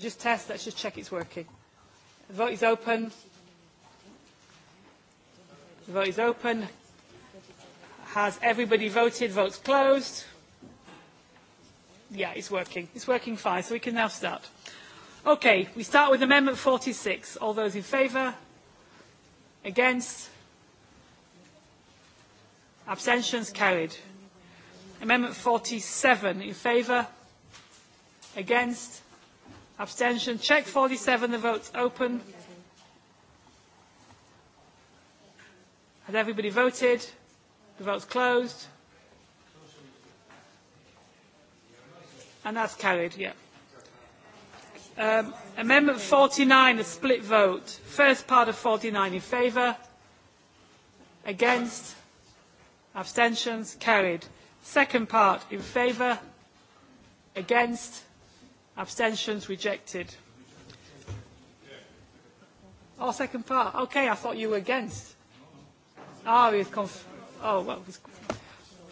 Just test, let's just check it's working. The vote is open. The vote is open. Has everybody voted? Votes closed. Yeah, it's working. It's working fine, so we can now start. Okay, we start with Amendment 46. All those in favour? Against? Abstentions carried. Amendment 47 in favour? Against? Abstention. Check 47. The vote's open. Has everybody voted? The vote's closed. And that's carried, yeah. Um, amendment 49, a split vote. First part of 49 in favour. Against. Abstentions. Carried. Second part in favour. Against Abstentions rejected. Oh, second part. Okay, I thought you were against. Oh, he was conf- Oh, well. Was-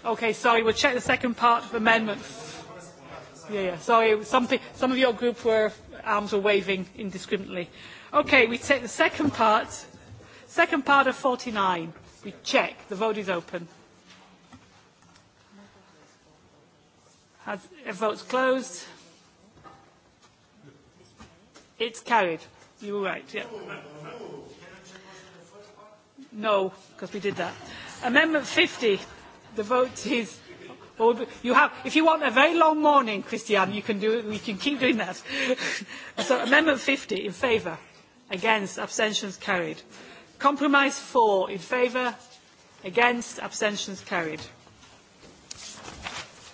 okay, sorry, we'll check the second part of amendments. Yeah, yeah, sorry, something, some of your group were, arms were waving indiscriminately. Okay, we take the second part, second part of 49. We check. The vote is open. Has, vote's closed It's carried. You were right, yeah. No, because we did that. Amendment 50. The vote is. Well, you have, if you want a very long morning, Christiane, you can do it. We can keep doing that. so, Amendment 50 in favour, against, abstentions carried. Compromise 4 in favour, against, abstentions carried.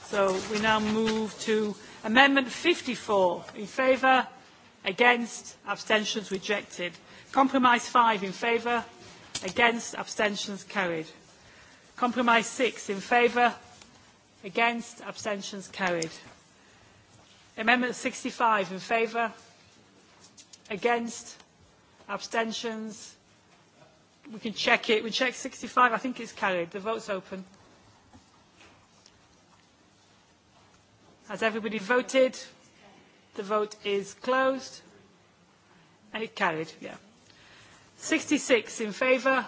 So we now move to Amendment 54 in favour, against abstentions rejected compromise five in favour against abstentions carried compromise six in favour against abstentions carried amendment sixty five in favour against abstentions we can check it we check sixty five i think it's carried the vote's open has everybody voted The vote is closed. And it carried, yeah. 66 in favour,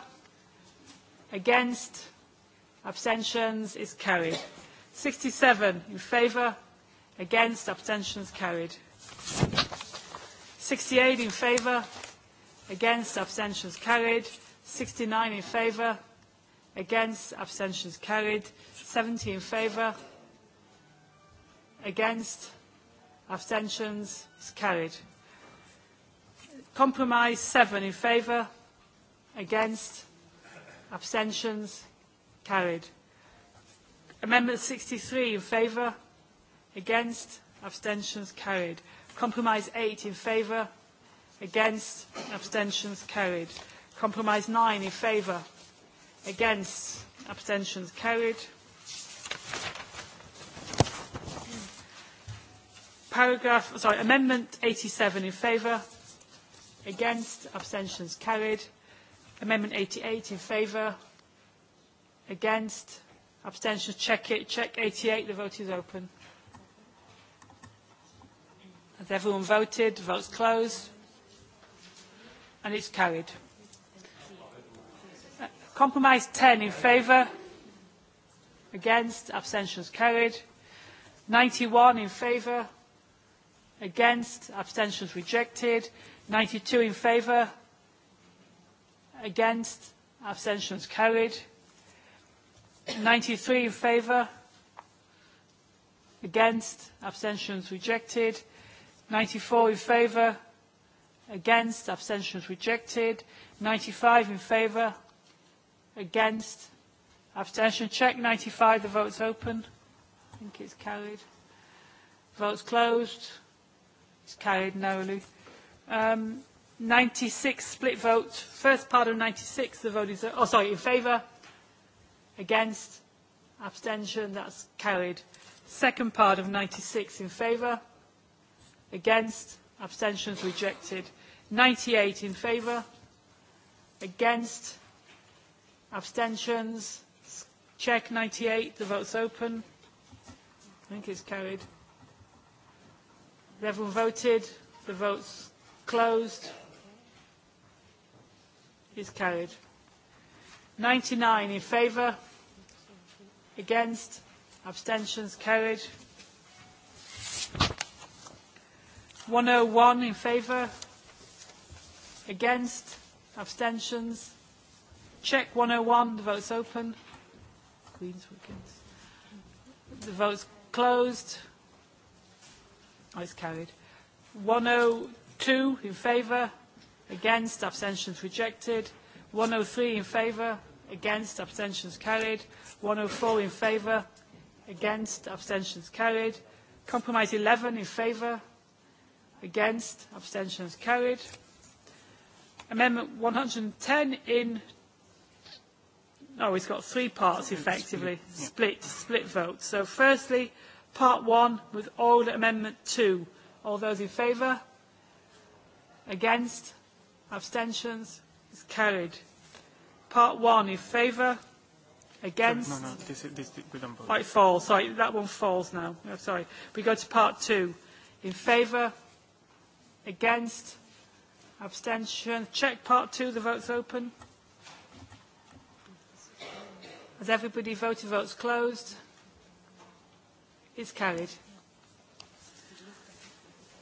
against, abstentions is carried. 67 in favour, against, abstentions carried. 68 in favour, against, abstentions carried. 69 in favour, against, abstentions carried. 70 in favour, against, Abstentions? It's carried. Compromise seven in favour? Against? Abstentions? Carried. Amendment 63 in favour? Against? Abstentions? Carried. Compromise eight in favour? Against? Abstentions? Carried. Compromise nine in favour? Against? Abstentions? Carried. Paragraph, sorry, Amendment 87 in favour. Against. Abstentions carried. Amendment 88 in favour. Against. Abstentions check it. Check 88. The vote is open. Has everyone voted? Votes closed. And it's carried. Compromise 10 in favour. Against. Abstentions carried. 91 in favour. Against? Abstentions rejected. 92 in favour? Against? Abstentions carried. 93 in favour? Against? Abstentions rejected. 94 in favour? Against? Abstentions rejected. 95 in favour? Against? Abstention check. 95. The vote's open. I think it's carried. Vote's closed. It's carried narrowly. Um, 96 split vote. First part of 96, the vote is, oh sorry, in favour, against, abstention, that's carried. Second part of 96 in favour, against, abstentions rejected. 98 in favour, against, abstentions, check 98, the vote's open. I think it's carried. Everyone voted? The vote's closed. Is carried. 99 in favour. Against? Abstentions? Carried. 101 in favour. Against? Abstentions? Check 101. The vote's open. Queens were against. The vote's closed. It's carried. 102 in favour, against, abstentions rejected. 103 in favour, against, abstentions carried. 104 in favour, against, abstentions carried. Compromise 11 in favour, against, abstentions carried. Amendment 110 in no, it's got three parts effectively, split, split vote. So firstly, Part 1 with oral amendment 2. All those in favour? Against? Abstentions? It's carried. Part 1 in favour? Against? No, no, this, this, we don't vote. Oh, it falls. Sorry, that one falls now. No, sorry. We go to part 2. In favour? Against? Abstention? Check part 2. The vote's open. Has everybody voted? Vote's closed is carried.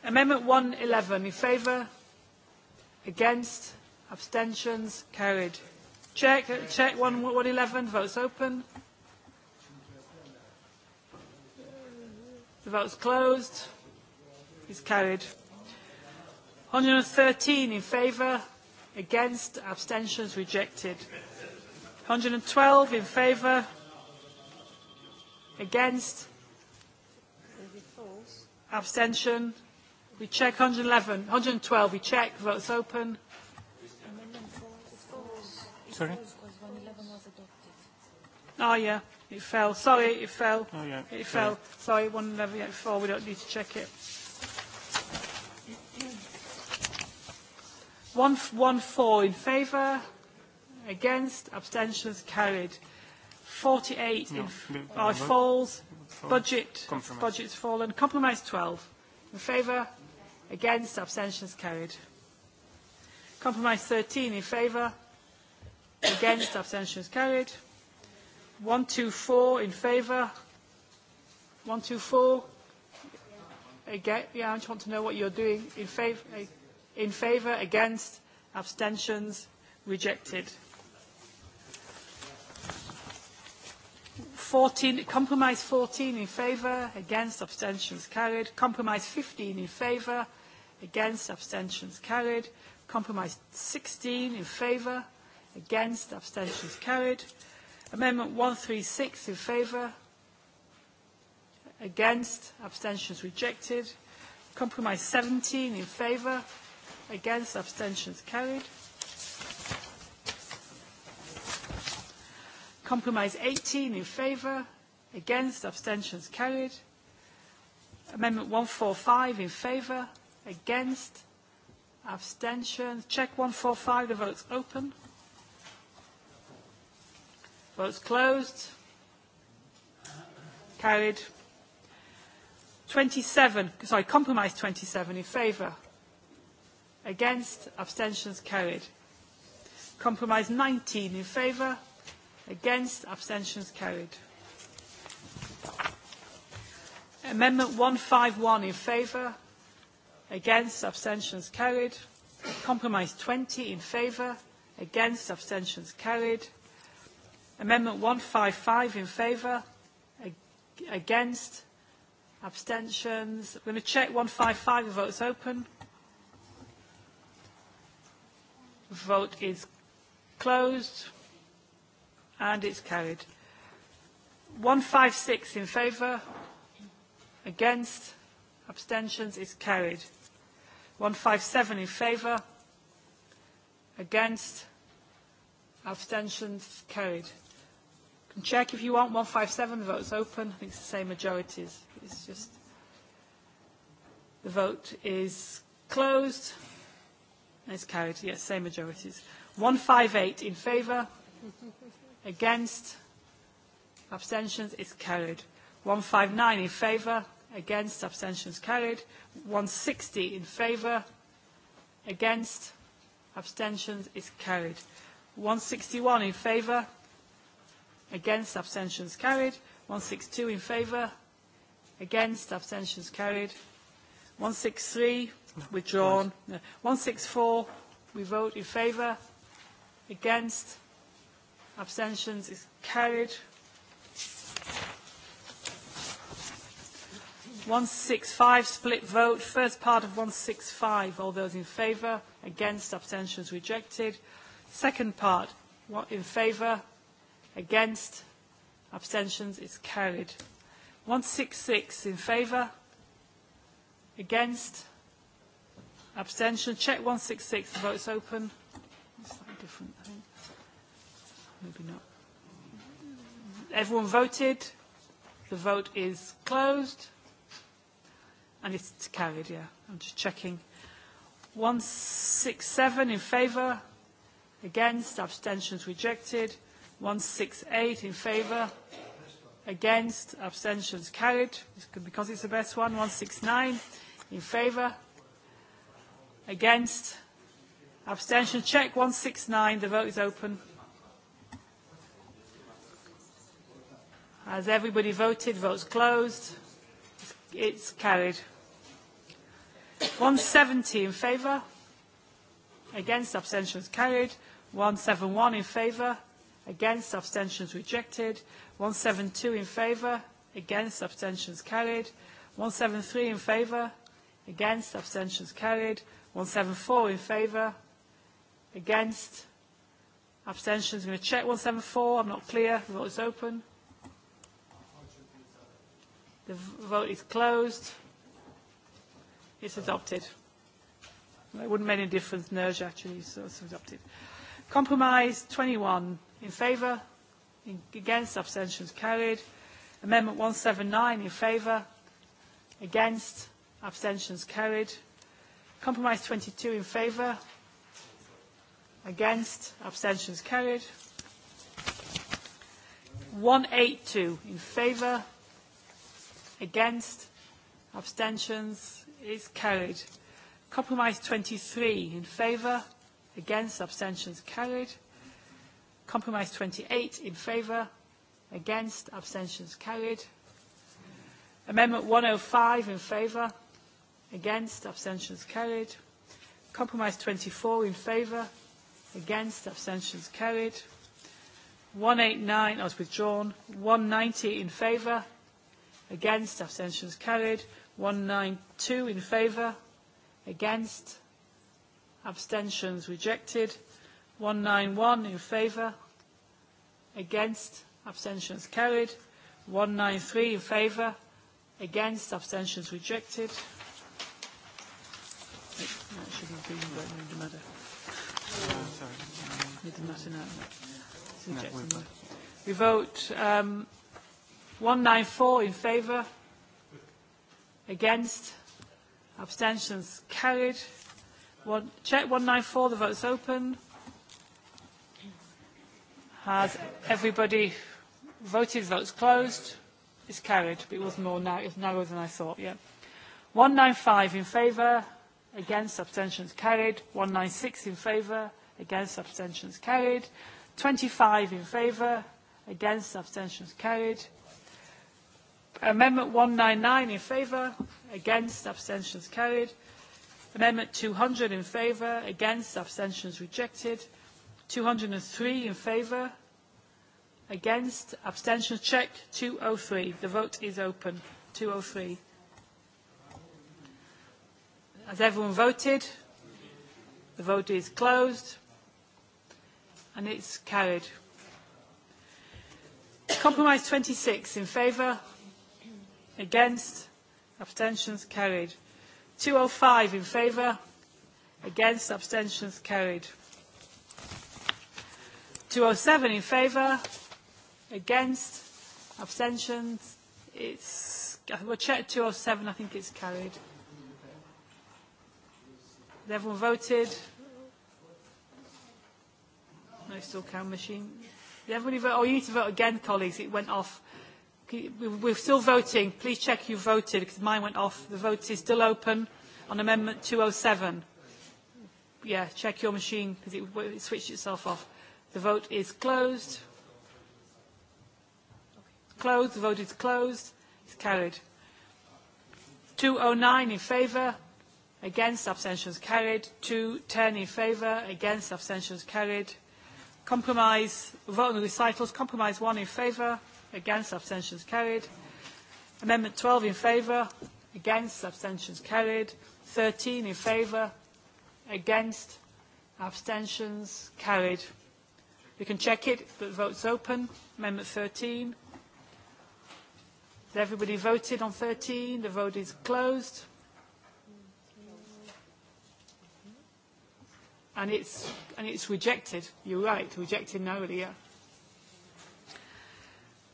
Amendment 111 in favour, against, abstentions, carried. Check, check 111, votes open. The vote's closed. Is carried. 113 in favour, against, abstentions rejected. 112 in favour, against, Abstention? We check 111. 112, we check. Votes open. Sorry? Oh, yeah. It fell. Sorry, it fell. Oh, yeah. It fell. Yeah. Sorry, 111, yeah, four. We don't need to check it. One, one four in favour. Against? Abstentions carried. 48 in, f- no, falls. Budget, budget's fallen. Compromise 12. In favour? Against? Abstentions carried. Compromise 13. In favour? Against? Abstentions carried. 124 in favour? 124? Again, yeah, I just want to know what you're doing. In favour? In favour? Against? Abstentions? Rejected. 14, compromise 14 in favour, against, abstentions carried. Compromise 15 in favour, against, abstentions carried. Compromise 16 in favour, against, abstentions carried. Amendment 136 in favour, against, abstentions rejected. Compromise 17 in favour, against, abstentions carried. Compromise 18 in favour, against, abstentions carried. Amendment 145 in favour, against, abstentions. Check 145, the vote's open. Vote's closed. Carried. 27, sorry, compromise 27 in favour. Against, abstentions carried. Compromise 19 in favour, Against, abstentions carried. Amendment 151 in favour. Against, abstentions carried. Compromise 20 in favour. Against, abstentions carried. Amendment 155 in favour. Against, abstentions. I'm going to check 155. The vote's open. Vote is closed and it's carried. 156 in favour, against, abstentions, it's carried. 157 in favour, against, abstentions, carried. You can check if you want, 157, votes open, I think it's the same majorities. It's just, the vote is closed, and it's carried, yes, same majorities. 158 in favour, Against? Abstentions is carried. 159 in favour. Against? Abstentions carried. 160 in favour. Against? Abstentions is carried. 161 in favour. Against? Abstentions carried. 162 in favour. Against? Abstentions carried. 163 withdrawn. 164 we vote in favour. Against? Abstentions is carried. 165 split vote. First part of 165. All those in favour? Against? Abstentions rejected. Second part. What in favour? Against? Abstentions is carried. 166 in favour? Against? Abstention. Check 166. The vote's open. It's slightly different, I think. Maybe not. Everyone voted. The vote is closed. And it's carried, yeah. I'm just checking. 167 in favour. Against. Abstentions rejected. 168 in favour. Against. Abstentions carried. Because it's the best one. 169 in favour. Against. Abstention check. 169. The vote is open. Has everybody voted? Votes closed. It's carried. 170 in favour. Against abstentions carried. 171 in favour. Against abstentions rejected. 172 in favour. Against abstentions carried. 173 in favour. Against abstentions carried. 174 in favour. Against abstentions. I'm going to check 174. I'm not clear. The vote is open. The vote is closed. It's adopted. It wouldn't make any difference, NERJ actually, so it's adopted. Compromise 21 in favour, in, against, abstentions carried. Amendment 179 in favour, against, abstentions carried. Compromise 22 in favour, against, abstentions carried. 182 in favour, Against? Abstentions? Is carried. Compromise 23 in favour? Against? Abstentions? Carried. Compromise 28 in favour? Against? Abstentions? Carried. Amendment 105 in favour? Against? Abstentions? Carried. Compromise 24 in favour? Against? Abstentions? Carried. 189 as withdrawn. 190 in favor? Against, abstentions carried. 192 in favour. Against, abstentions rejected. 191 in favour. Against, abstentions carried. 193 in favour. Against, abstentions rejected. That should have been, matter. matter now. We vote um, 194 in favour. Against. Abstentions carried. One, check 194, the vote's open. Has everybody voted? Votes closed. It's carried, but it was more now. It was narrower than I thought, yeah. 195 in favour. Against. Abstentions carried. 196 in favour. Against. Abstentions carried. 25 in favour. Against. Abstentions carried. Amendment 199 in favour, against, abstentions carried. Amendment 200 in favour, against, abstentions rejected. 203 in favour, against, abstentions check, 203. The vote is open, 203. Has everyone voted? The vote is closed and it's carried. Compromise 26 in favour, Against? Abstentions carried. 205 in favour? Against? Abstentions carried. 207 in favour? Against? Abstentions? It's, we'll check 207. I think it's carried. everyone voted? No, still count machine. Did everybody vote? Oh, you need to vote again, colleagues. It went off. We're still voting. Please check you voted because mine went off. The vote is still open on Amendment 207. Yeah, check your machine because it, it switched itself off. The vote is closed. Closed. The vote is closed. It's carried. 209 in favour. Against. Abstentions carried. 210 in favour. Against. Abstentions carried. Compromise. Vote on the recitals. Compromise 1 in favour. Against. Abstentions carried. Amendment 12 in favour. Against. Abstentions carried. 13 in favour. Against. Abstentions carried. We can check it, but the vote's open. Amendment 13. Has everybody voted on 13? The vote is closed. And it's, and it's rejected. You're right, rejected now yeah.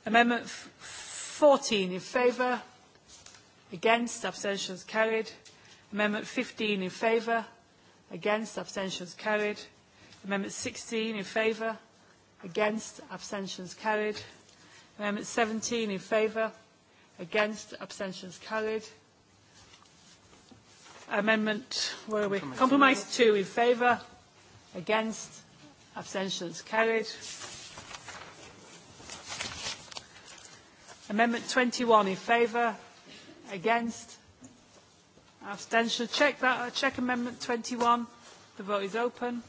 Amendment 14 in favour, against, abstentions carried. Amendment 15 in favour, against, abstentions carried. Amendment 16 in favour, against, abstentions carried. Amendment 17 in favour, against, abstentions carried. Amendment, where are we? Compromise 2 in favour, against, abstentions carried. Amendment 21 in favour, against, abstention. Check that. Check Amendment 21. The vote is open.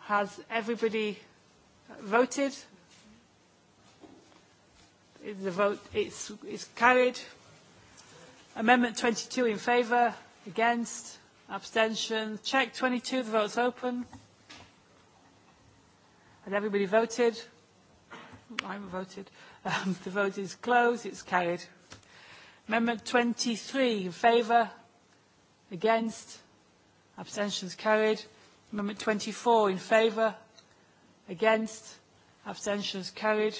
Has everybody voted? The vote is, is carried. Amendment 22 in favour, against, abstention. Check 22. The vote's open. Has everybody voted? I voted. Um, the vote is closed. It's carried. Amendment 23 in favour, against, abstentions carried. Amendment 24 in favour, against, abstentions carried.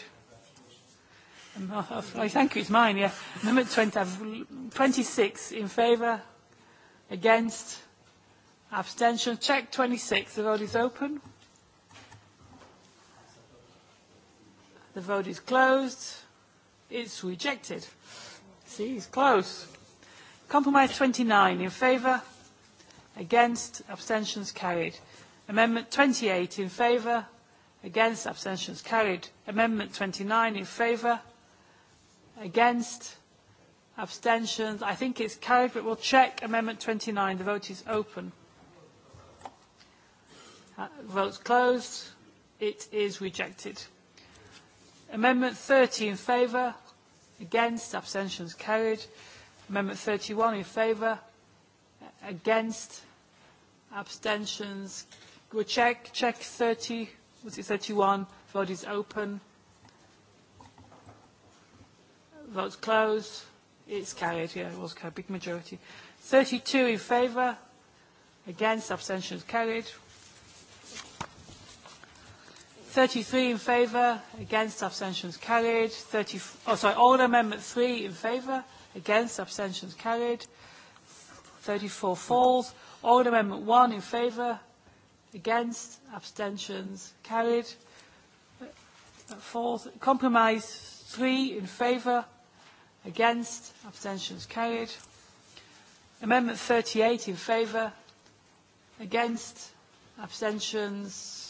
Oh, thank you, it's mine, yeah. Amendment 20, 26 in favour, against, abstention. Check 26, the vote is open. The vote is closed. It's rejected. See, it's close. Compromise 29 in favour, against, abstentions carried. Amendment 28 in favour, against, abstentions carried. Amendment 29 in favour, against, abstentions. I think it's carried, but we'll check Amendment 29. The vote is open. vote's closed. It is rejected. Amendment 30 in favour, against, abstentions carried. Amendment 31 in favour, against, abstentions. We'll check, check 30, was it 31? Vote is open. Vote's closed. It's carried, yeah, it was carried, big majority. 32 in favour, against, abstentions carried. 33 in favour, against abstentions carried. 30, oh, sorry, all amendment 3 in favour, against abstentions carried. 34 falls. All amendment 1 in favour, against abstentions carried. Falls. Compromise 3 in favour, against abstentions carried. Amendment 38 in favour, against abstentions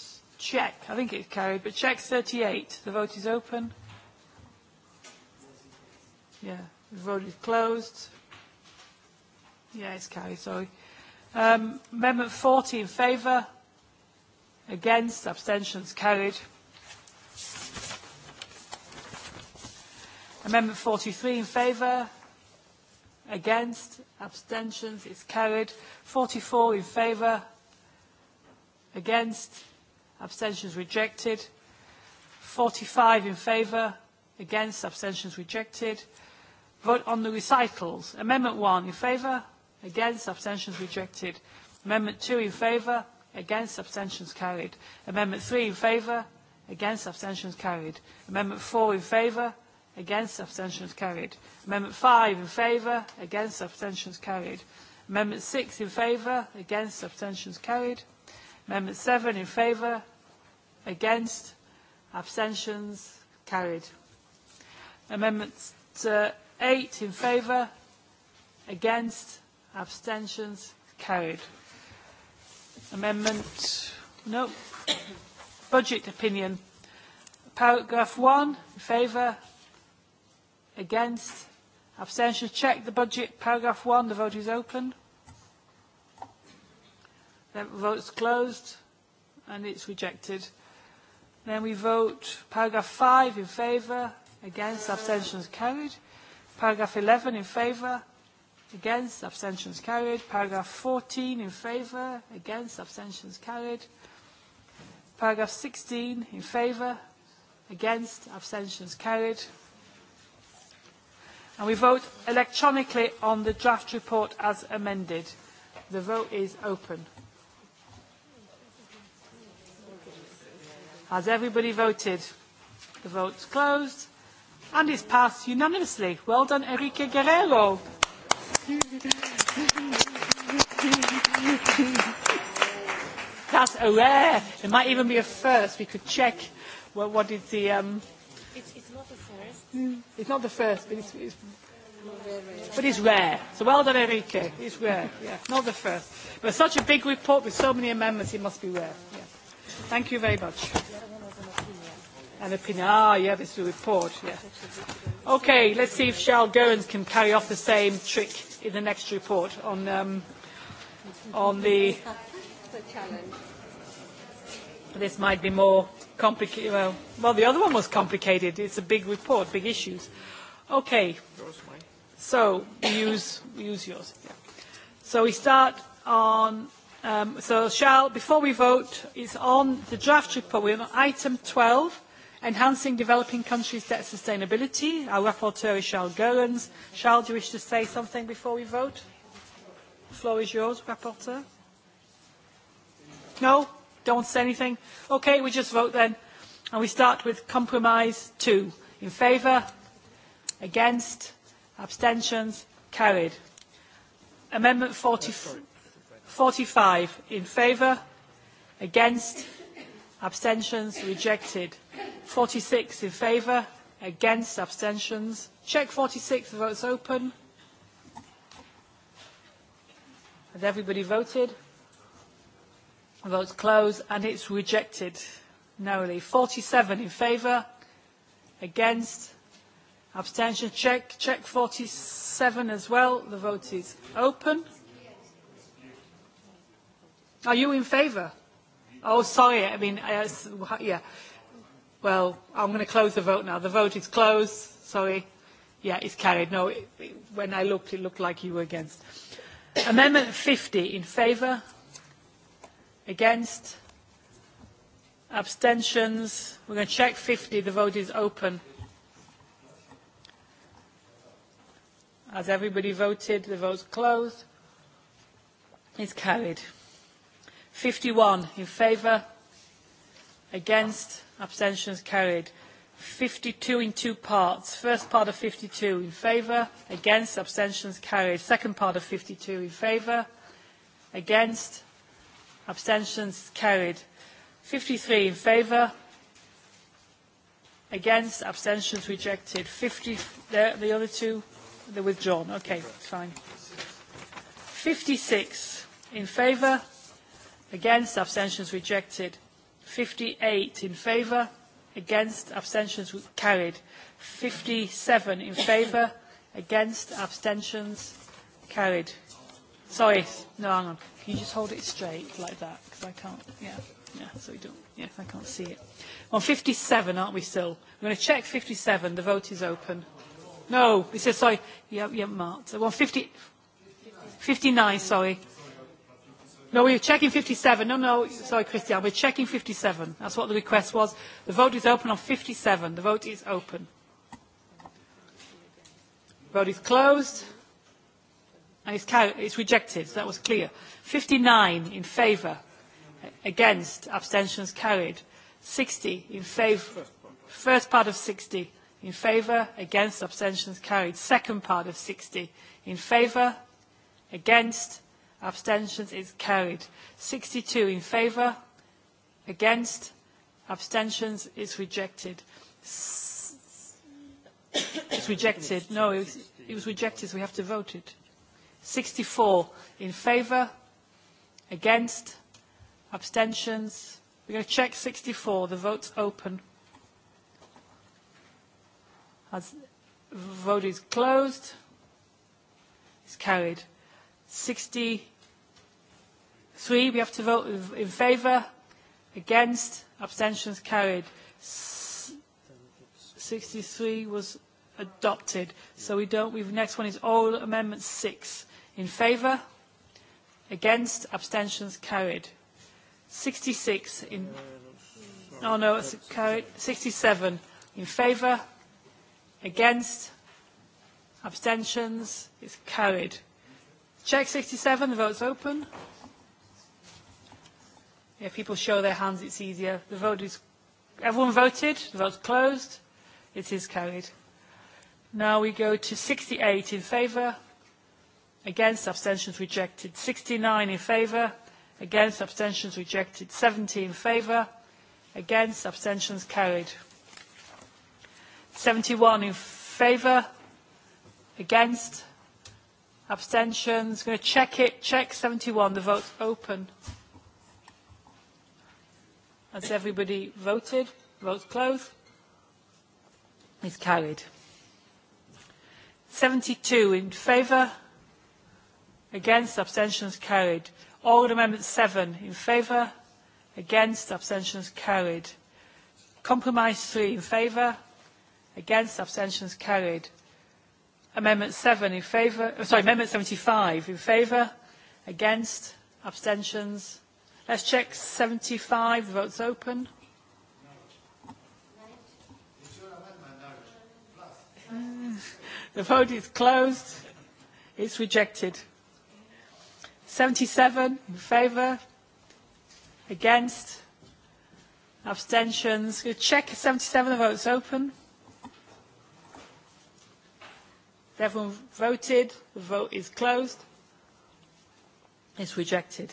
check. I think it's carried, but check 38. The vote is open. Yeah, the vote is closed. Yeah, it's carried, sorry. Um, amendment 40 in favour. Against, abstentions carried. Amendment 43 in favour. Against, abstentions, it's carried. 44 in favour. Against, abstentions rejected. 45 in favour, against, abstentions rejected. Vote on the recitals. Amendment 1 in favour, against, abstentions rejected. Amendment 2 in favour, against, abstentions carried. Amendment 3 in favour, against, abstentions carried. Amendment 4 in favour, against, abstentions carried. Amendment 5 in favour, against, abstentions carried. Amendment 6 in favour, against, abstentions carried. Amendment 7 in favour, Against? Abstentions? Carried. Amendment eight in favour? Against? Abstentions? Carried. Amendment, no. Budget opinion. Paragraph one in favour? Against? Abstentions? Check the budget. Paragraph one. The vote is open. The vote's closed and it's rejected. Then we vote paragraph 5 in favour, against, abstentions carried. Paragraph 11 in favour, against, abstentions carried. Paragraph 14 in favour, against, abstentions carried. Paragraph 16 in favour, against, abstentions carried. And we vote electronically on the draft report as amended. The vote is open. Has everybody voted? The vote's closed. And it's passed unanimously. Well done, Enrique Guerrero. That's a rare. It might even be a first. We could check what, what is the... Um, it's, it's not the first. It's not the first, but it's, it's But it's rare. So well done, Enrique. It's rare. Yeah, not the first. But such a big report with so many amendments, it must be rare. Yeah. Thank you very much. An opinion. Ah, yeah, this is a report. Yeah. Okay, let's see if Charles Goins can carry off the same trick in the next report on um, on the. This might be more complicated. Well, well, the other one was complicated. It's a big report, big issues. Okay. So we use we use yours. Yeah. So we start on Um, so shall, before we vote, it's on the draft report. We're on item 12, enhancing developing countries' debt sustainability. Our rapporteur is Charles Goerens. Charles, do you wish to say something before we vote? The floor is yours, rapporteur. No? Don't say anything? Okay, we just vote then. And we start with compromise two. In favour? Against? Abstentions? Carried. Amendment 44. 45 in favour, against, abstentions, rejected. 46 in favour, against, abstentions. Check 46, the vote's open. Has everybody voted? The vote's closed and it's rejected. Narrowly. 47 in favour, against, abstention. Check, check 47 as well. The vote is open. Are you in favour? Oh, sorry. I mean, yes, yeah. Well, I'm going to close the vote now. The vote is closed. Sorry. Yeah, it's carried. No, it, it, when I looked, it looked like you were against. Amendment 50 in favour. Against. Abstentions. We're going to check 50. The vote is open. Has everybody voted? The vote's closed. It's carried. 51 in favour, against, abstentions carried. 52 in two parts. First part of 52 in favour, against, abstentions carried. Second part of 52 in favour, against, abstentions carried. 53 in favour, against, abstentions rejected. 50, the, the other two, they're withdrawn. Okay, fine. 56 in favour, against abstentions rejected 58 in favour against abstentions carried 57 in favour against abstentions carried sorry no hang on can you just hold it straight like that because I can't yeah yeah so we don't yeah, I can't see it on 57 aren't we still we're going to check 57 the vote is open no it says sorry you haven't marked on 50 59 sorry No, we we're checking 57. No, no, sorry, Christian. We're checking 57. That's what the request was. The vote is open on 57. The vote is open. The Vote is closed. And it's, carried, it's rejected. That was clear. 59 in favour. Against. Abstentions carried. 60 in favour. First part of 60 in favour. Against. Abstentions carried. Second part of 60 in favour. Against Abstentions is carried. 62 in favour. Against. Abstentions is rejected. It's rejected. No, it was, it was rejected, so we have to vote it. 64 in favour. Against. Abstentions. We're going to check 64. The vote's open. As vote is closed. It's carried. 60 Three, we have to vote in favour, against, abstentions carried. 63 was adopted. So we don't, we've, next one is oral amendment six. In favour, against, abstentions carried. 66 in, oh no, it's carried. 67 in favour, against, abstentions, it's carried. Check 67, the vote's open. If people show their hands, it's easier. The vote is, everyone voted, the vote's closed, it is carried. Now we go to 68 in favour, against, abstentions rejected. 69 in favour, against, abstentions rejected. 70 in favour, against, abstentions carried. 71 in favour, against, abstentions. I'm going to check it, check 71, the vote's open. open. Has everybody voted? Votes closed. It's carried. 72 in favour. Against, abstentions carried. Oral Amendment 7 in favour. Against, abstentions carried. Compromise 3 in favour. Against, abstentions carried. Amendment 7 in favour. Sorry, Amendment 75 in favour. Against, abstentions Let's check 75. The vote's open. The vote is closed. It's rejected. 77 in favour. Against. Abstentions. We'll check 77. The vote's open. Everyone voted. The vote is closed. It's rejected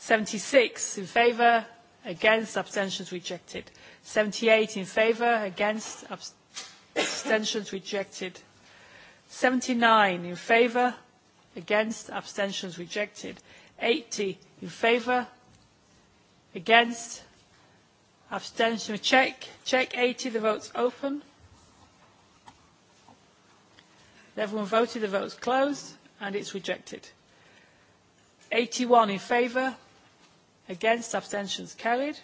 seventy six in favour against abstentions rejected seventy eight in favour against abstentions rejected seventy nine in favour against abstentions rejected eighty in favour against abstention check check eighty the votes open everyone voted the votes closed and it's rejected eighty one in favour Against, abstentions carried.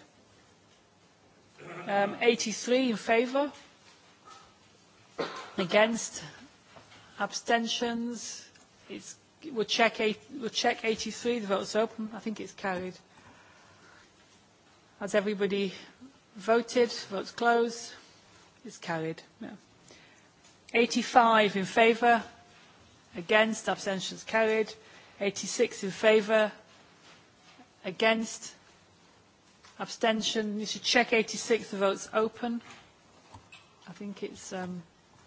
Um, 83 in favour. Against, abstentions. It's, we'll, check eight, we'll check 83. The vote's open. I think it's carried. Has everybody voted? Votes closed. It's carried. Yeah. 85 in favour. Against, abstentions carried. 86 in favour Against? Abstention? You should check 86. The vote's open. I think it's um,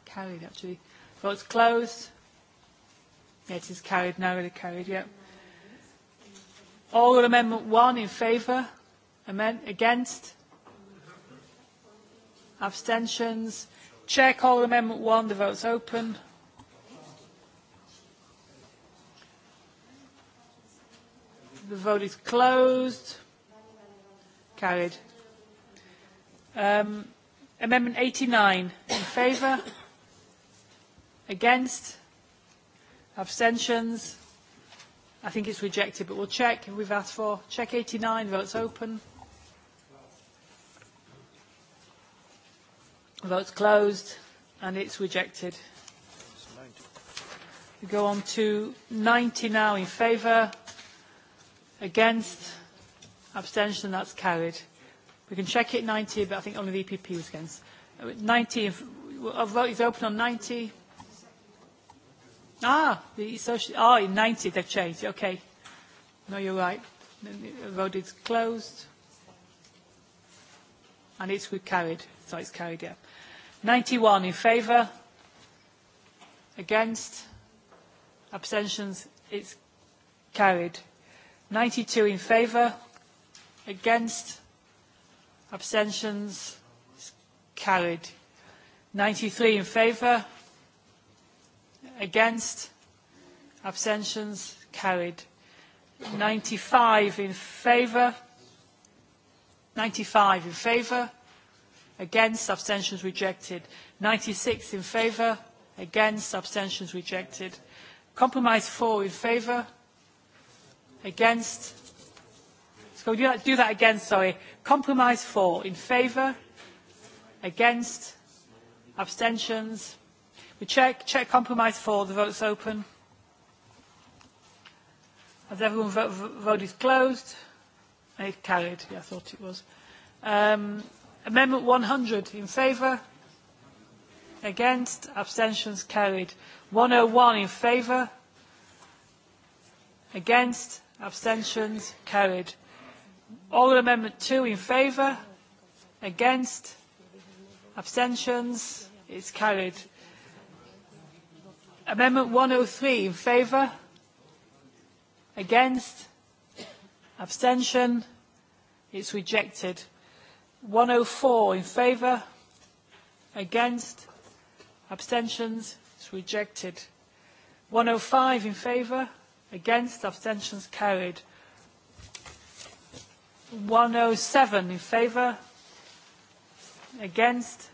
carried, actually. Vote's closed. Yeah, it is carried. Now really carried, yep Oral Amendment one in favour? Amend- against? Abstentions? Check all Amendment one, The vote's open. The vote is closed. Carried. Um, amendment 89 in favour. Against? Abstentions? I think it's rejected, but we'll check. We've asked for check 89. Votes open. Votes closed, and it's rejected. We go on to 90 now in favour. Against? Abstention? That's carried. We can check it 90, but I think only the EPP was against. 90, a vote is open on 90. Ah, the social, oh, in 90 they've changed, okay. No, you're right. The vote is closed. And it's carried, so it's carried, yeah. 91 in favour, against, abstentions, it's carried. 92 in favour, against, abstentions, carried. 93 in favour, against, abstentions, carried. 95 in favour, 95 in favour, against, abstentions rejected. 96 in favour, against, abstentions rejected. Compromise 4 in favour, Against? so do that, do that again, sorry. Compromise four. In favour? Against? Abstentions? We check, check compromise four. The vote's open. Has everyone vote, vote is closed? it it's carried. Yeah, I thought it was. Um, amendment 100. In favour? Against? Abstentions carried. 101 in favour? Against? abstentions carried All amendment two in favour against abstentions it's carried amendment 103 in favour against abstention it's rejected 104 in favour against abstentions it's rejected 105 in favour Against, abstentions carried. 107 in favour. Against,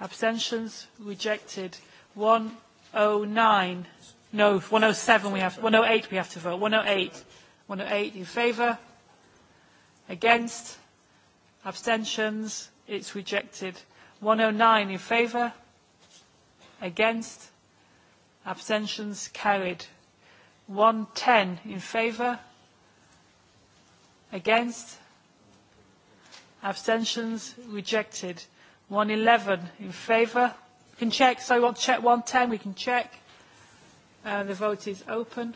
abstentions rejected. 109, no, 107 we have, 108 we have to vote. 108, 108 in favour. Against, abstentions, it's rejected. 109 in favour. Against, abstentions carried. 110 in favor, against, abstentions, rejected. 111 in favor. We can check, so we check 110, we can check. Uh, the vote is open.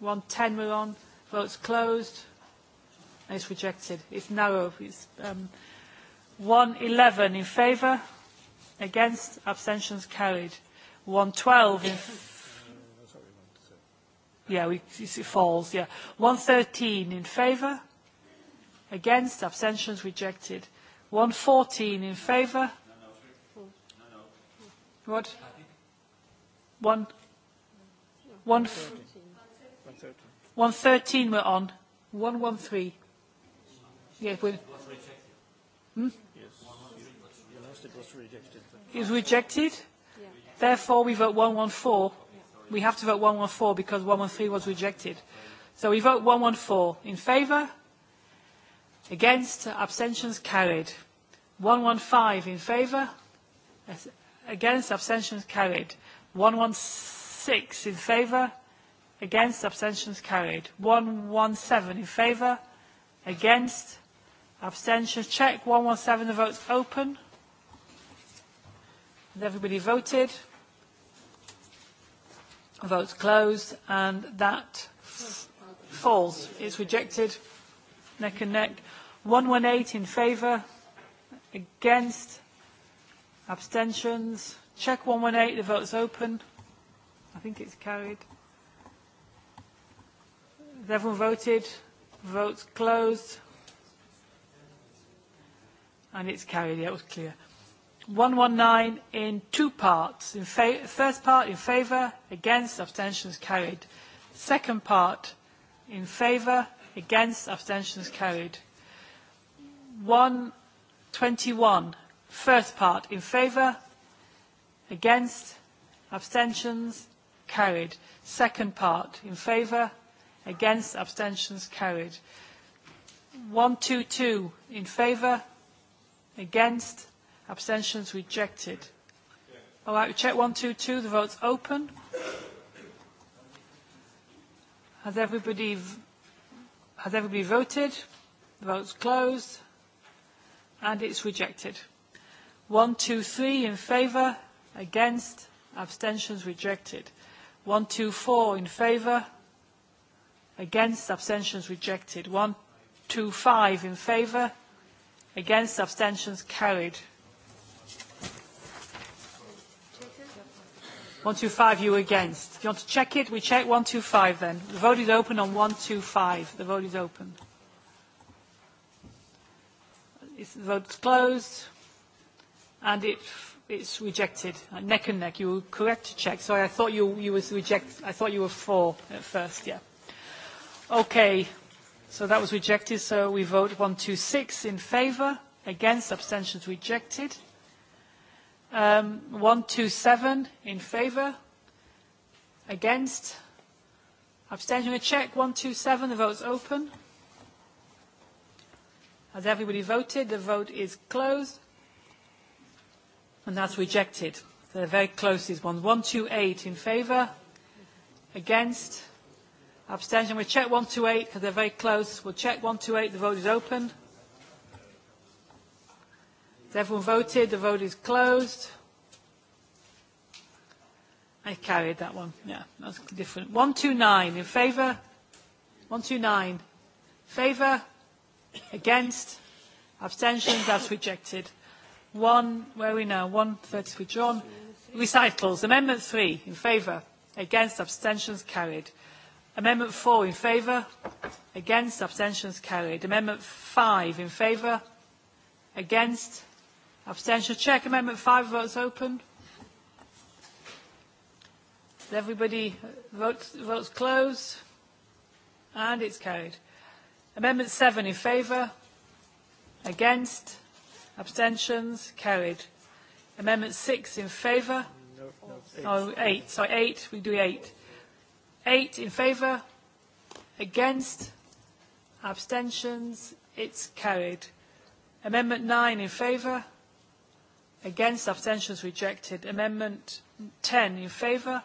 110 we're on, vote's closed, and it's rejected. It's narrow. It's, um, 111 in favor, against, abstentions carried. 112 in Yeah, we, it falls, yeah. 113 in favour. Against, abstentions rejected. 114 in favour. What? One. One. One thirteen. we're on. One one three. Yeah, we're. Hmm? Yes. It was rejected. Therefore, we vote one one four we have to vote 114 because 113 was rejected. So we vote 114 in favour, against, abstentions carried. 115 in favour, against, abstentions carried. 116 in favour, against, abstentions carried. 117 in favour, against, abstentions check. 117, the vote's open. Has everybody voted? Vote closed. And that falls. It's rejected. Neck and neck. 118 in favour. Against. Abstentions. Check 118. The vote's open. I think it's carried. Has everyone voted? Votes closed. And it's carried. Yeah, it was clear. 119 in two parts. In fa- first part in favour, against, abstentions carried. Second part in favour, against, abstentions carried. 121, first part in favour, against, abstentions carried. Second part in favour, against, abstentions carried. 122 in favour, against, Abstentions rejected. All right, we check one, two, two. The vote's open. Has everybody has everybody voted? The vote's closed, and it's rejected. One, two, three in favour, against, abstentions rejected. One, two, four in favour, against, abstentions rejected. One, two, five in favour, against, abstentions carried. 125 you against. If you want to check it, we check 125 then. The vote is open on 125. The vote is open. It's, the vote's closed. And it, it's rejected. Neck and neck. You were correct to check. Sorry, I thought you, you was reject. I thought you were for at first, yeah. Okay. So that was rejected. So we vote 126 in favour. Against, abstentions rejected. 127 in favour. Against. Abstention. We'll check 127. The vote's open. Has everybody voted? The vote is closed. And that's rejected. The very closest one. 128 in favour. Against. Abstention. We check 128 because they're very close. We'll check 128. The vote is open. Has everyone voted? The vote is closed. I carried that one. Yeah, that's different. 129 in favour. 129 favour. Against. Abstentions. That's rejected. One. Where are we now? 130 withdrawn. Recitals. Amendment three in favour. Against. Abstentions carried. Amendment four in favour. Against. Abstentions carried. Amendment five in favour. Against. Abstention check. Amendment 5 votes open. everybody votes, votes close? And it's carried. Amendment 7 in favour. Against. Abstentions. Carried. Amendment 6 in favour. No, no, eight. Oh, 8. Sorry, 8. We do 8. 8 in favour. Against. Abstentions. It's carried. Amendment 9 in favour. Against, abstentions rejected. Amendment 10 in favour.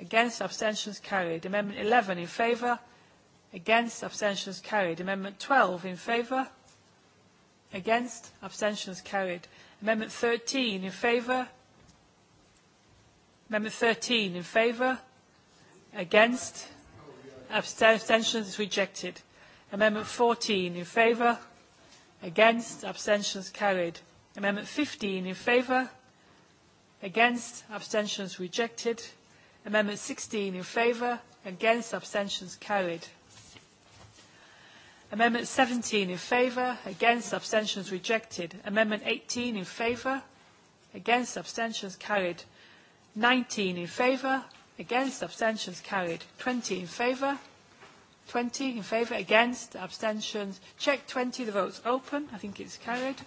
Against, abstentions carried. Amendment 11 in favour. Against, abstentions carried. Amendment 12 in favour. Against, abstentions carried. Amendment 13 in favour. Amendment 13 in favour. Against, abstentions rejected. Amendment 14 in favour. Against, abstentions carried. Amendment 15 in favour. Against. Abstentions rejected. Amendment 16 in favour. Against. Abstentions carried. Amendment 17 in favour. Against. Abstentions rejected. Amendment 18 in favour. Against. Abstentions carried. 19 in favour. Against. Abstentions carried. 20 in favour. 20 in favour. Against. Abstentions. Check 20. The vote's open. I think it's carried.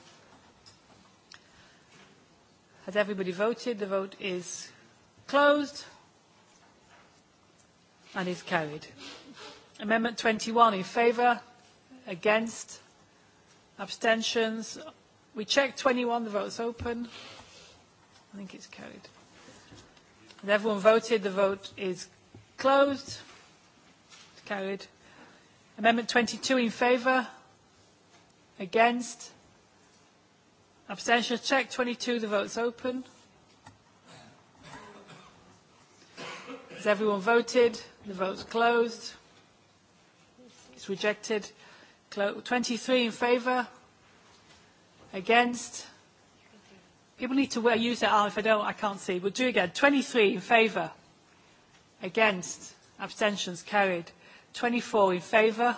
Has everybody voted? The vote is closed and is carried. Amendment 21 in favour, against, abstentions. We check 21, the vote's open. I think it's carried. Has everyone voted? The vote is closed. It's carried. Amendment 22 in favour, against, Abstention check 22. The vote's open. Has everyone voted? The vote's closed. It's rejected. 23 in favour. Against. People need to wear, use their arm. If I don't, I can't see. We'll do again. 23 in favour. Against. Abstentions carried. 24 in favour.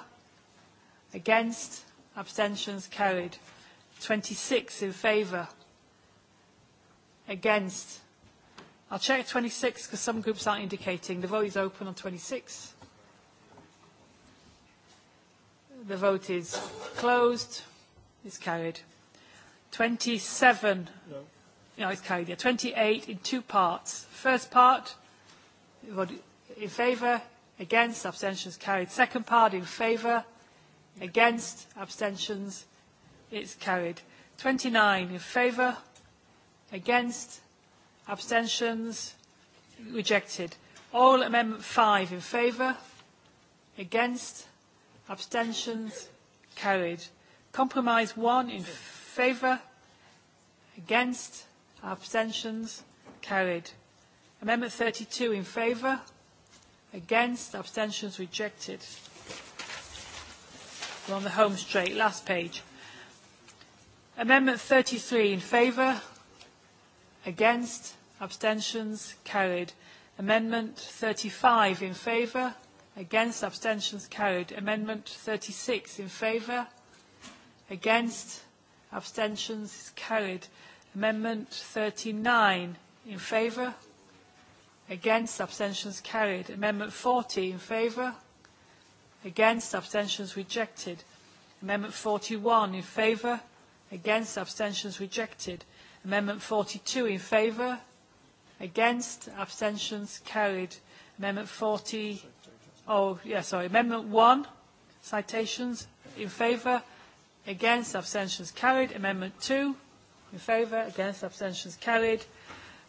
Against. Abstentions carried. 26 in favour. Against. I'll check 26 because some groups aren't indicating. The vote is open on 26. The vote is closed. It's carried. 27. No. No, it's carried. Yeah. 28 in two parts. First part, vote in favour, against, abstentions carried. Second part, in favour, against, abstentions It's carried. 29 in favour, against, abstentions, rejected. All Amendment 5 in favour, against, abstentions, carried. Compromise 1 in favour, against, abstentions, carried. Amendment 32 in favour, against, abstentions, rejected. We're on the home straight, last page. Amendment 33 in favour, against, abstentions, carried. Amendment 35 in favour, against, abstentions, carried. Amendment 36 in favour, against, abstentions, is carried. Amendment 39 in favour, against, abstentions, carried. Amendment 40 in favour, against, abstentions, rejected. Amendment 41 in favour, against abstentions rejected amendment 42 in favour against abstentions carried amendment 40 oh yeah sorry amendment 1 citations in favour against abstentions carried amendment 2 in favour against abstentions carried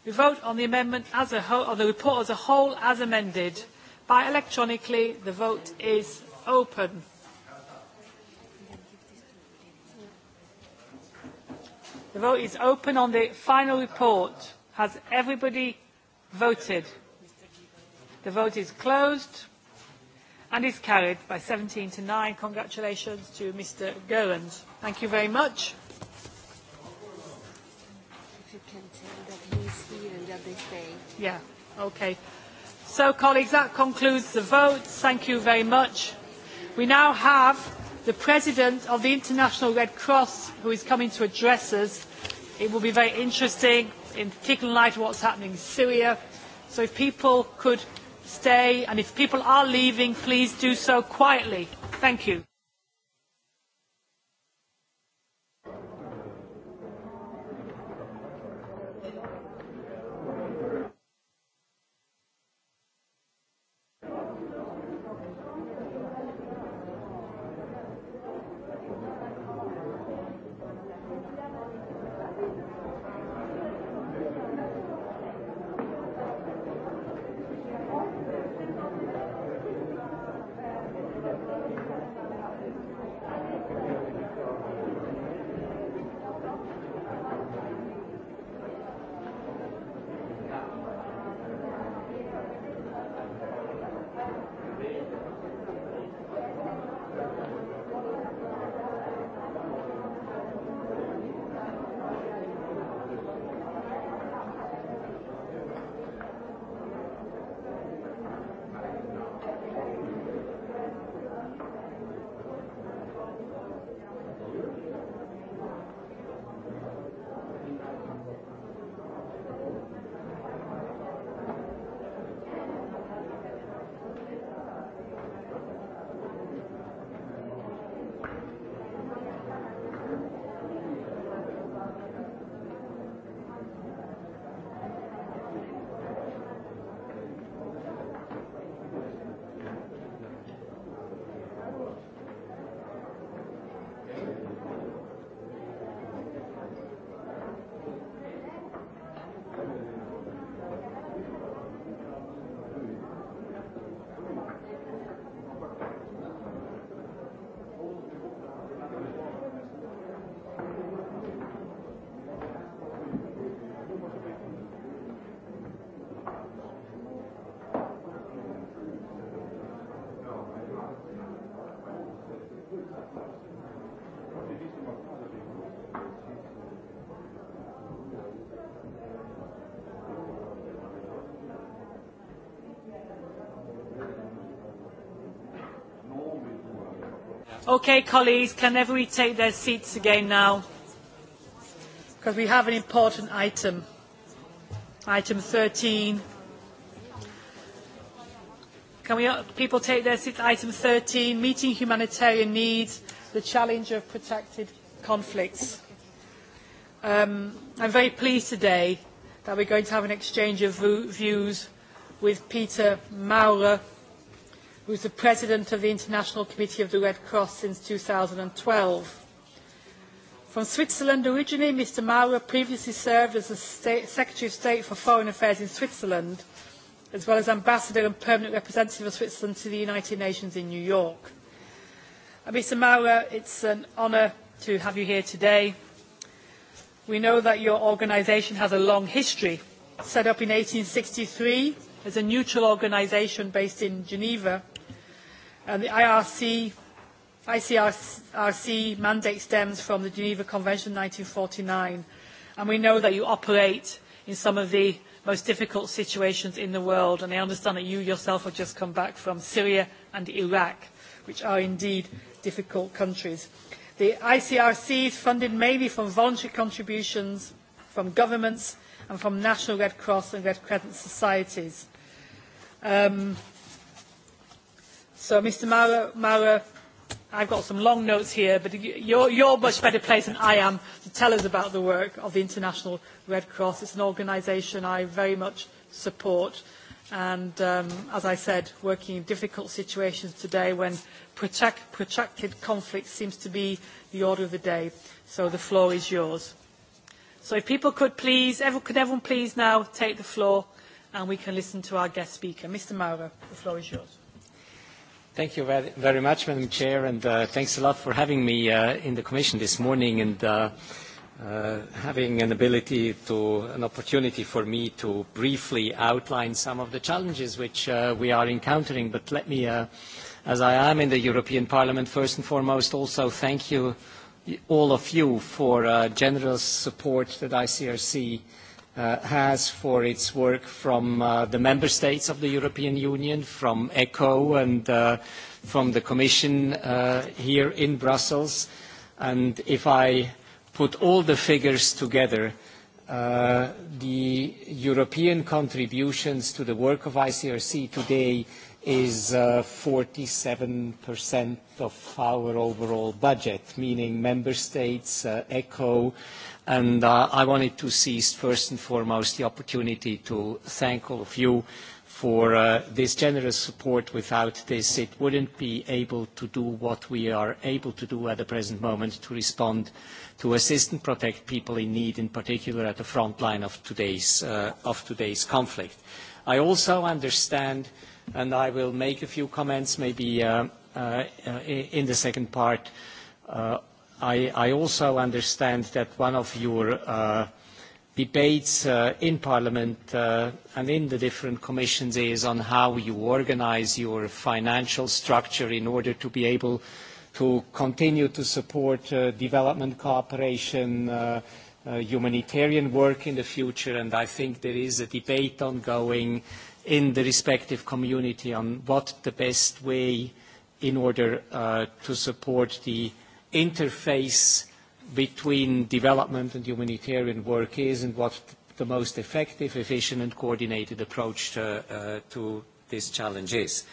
we vote on the amendment as a whole on the report as a whole as amended by electronically the vote is open The vote is open on the final report. Has everybody voted? The vote is closed and is carried by 17 to 9. Congratulations to Mr. Goerens. Thank you very much. If you can tell that he's here and that they stay. Yeah, okay. So, colleagues, that concludes the vote. Thank you very much. We now have the president of the International Red Cross, who is coming to address us. It will be very interesting, in particular in light of what's happening in Syria. So if people could stay, and if people are leaving, please do so quietly. Thank you. Okay, colleagues, can everybody take their seats again now? Because we have an important item. Item 13, Can we, people take their seats? Item 13, meeting humanitarian needs, the challenge of protected conflicts. Um, I'm very pleased today that we're going to have an exchange of views with Peter Maurer, who is the president of the International Committee of the Red Cross since 2012. From Switzerland originally, Mr. Maurer previously served as the Secretary of State for Foreign Affairs in Switzerland as well as Ambassador and Permanent Representative of Switzerland to the United Nations in New York. Mr Maurer, it's an honour to have you here today. We know that your organisation has a long history, set up in 1863 as a neutral organisation based in Geneva, and the IRC, ICRC mandate stems from the Geneva Convention 1949, and we know that you operate in some of the most difficult situations in the world. And I understand that you yourself have just come back from Syria and Iraq, which are indeed difficult countries. The ICRC is funded mainly from voluntary contributions from governments and from national Red Cross and Red Crescent societies. Um, so Mr Mara, Mara I've got some long notes here, but you're, you're much better placed than I am to tell us about the work of the International Red Cross. It's an organisation I very much support. And um, as I said, working in difficult situations today when protect, protracted conflict seems to be the order of the day. So the floor is yours. So if people could please, everyone, could everyone please now take the floor and we can listen to our guest speaker. Mr Maurer, the floor is yours. Thank you very much, Madam Chair, and uh, thanks a lot for having me uh, in the Commission this morning and uh, uh, having an ability to, an opportunity for me to briefly outline some of the challenges which uh, we are encountering. But let me, uh, as I am in the European Parliament, first and foremost also thank you, all of you, for uh, generous support that ICRC uh, has for its work from the member states of the European Union, from ECHO and from the Commission here in Brussels. And if I put all the figures together, the European contributions to the work of ICRC today is 47% of our overall budget, meaning member states, ECHO, And I wanted to seize first and foremost the opportunity to thank all of you for this generous support. Without this, it wouldn't be able to do what we are able to do at the present moment to respond, to assist and protect people in need, in particular at the front line of today's conflict. I also understand, and I will make a few comments maybe in the second part, I also understand that one of your debates in Parliament and in the different commissions is on how you organise your financial structure in order to be able to continue to support development cooperation, humanitarian work in the future, and I think there is a debate ongoing in the respective community on what the best way in order to support the interface between development and humanitarian work is and what the most effective, efficient and coordinated approach to, to this challenge is.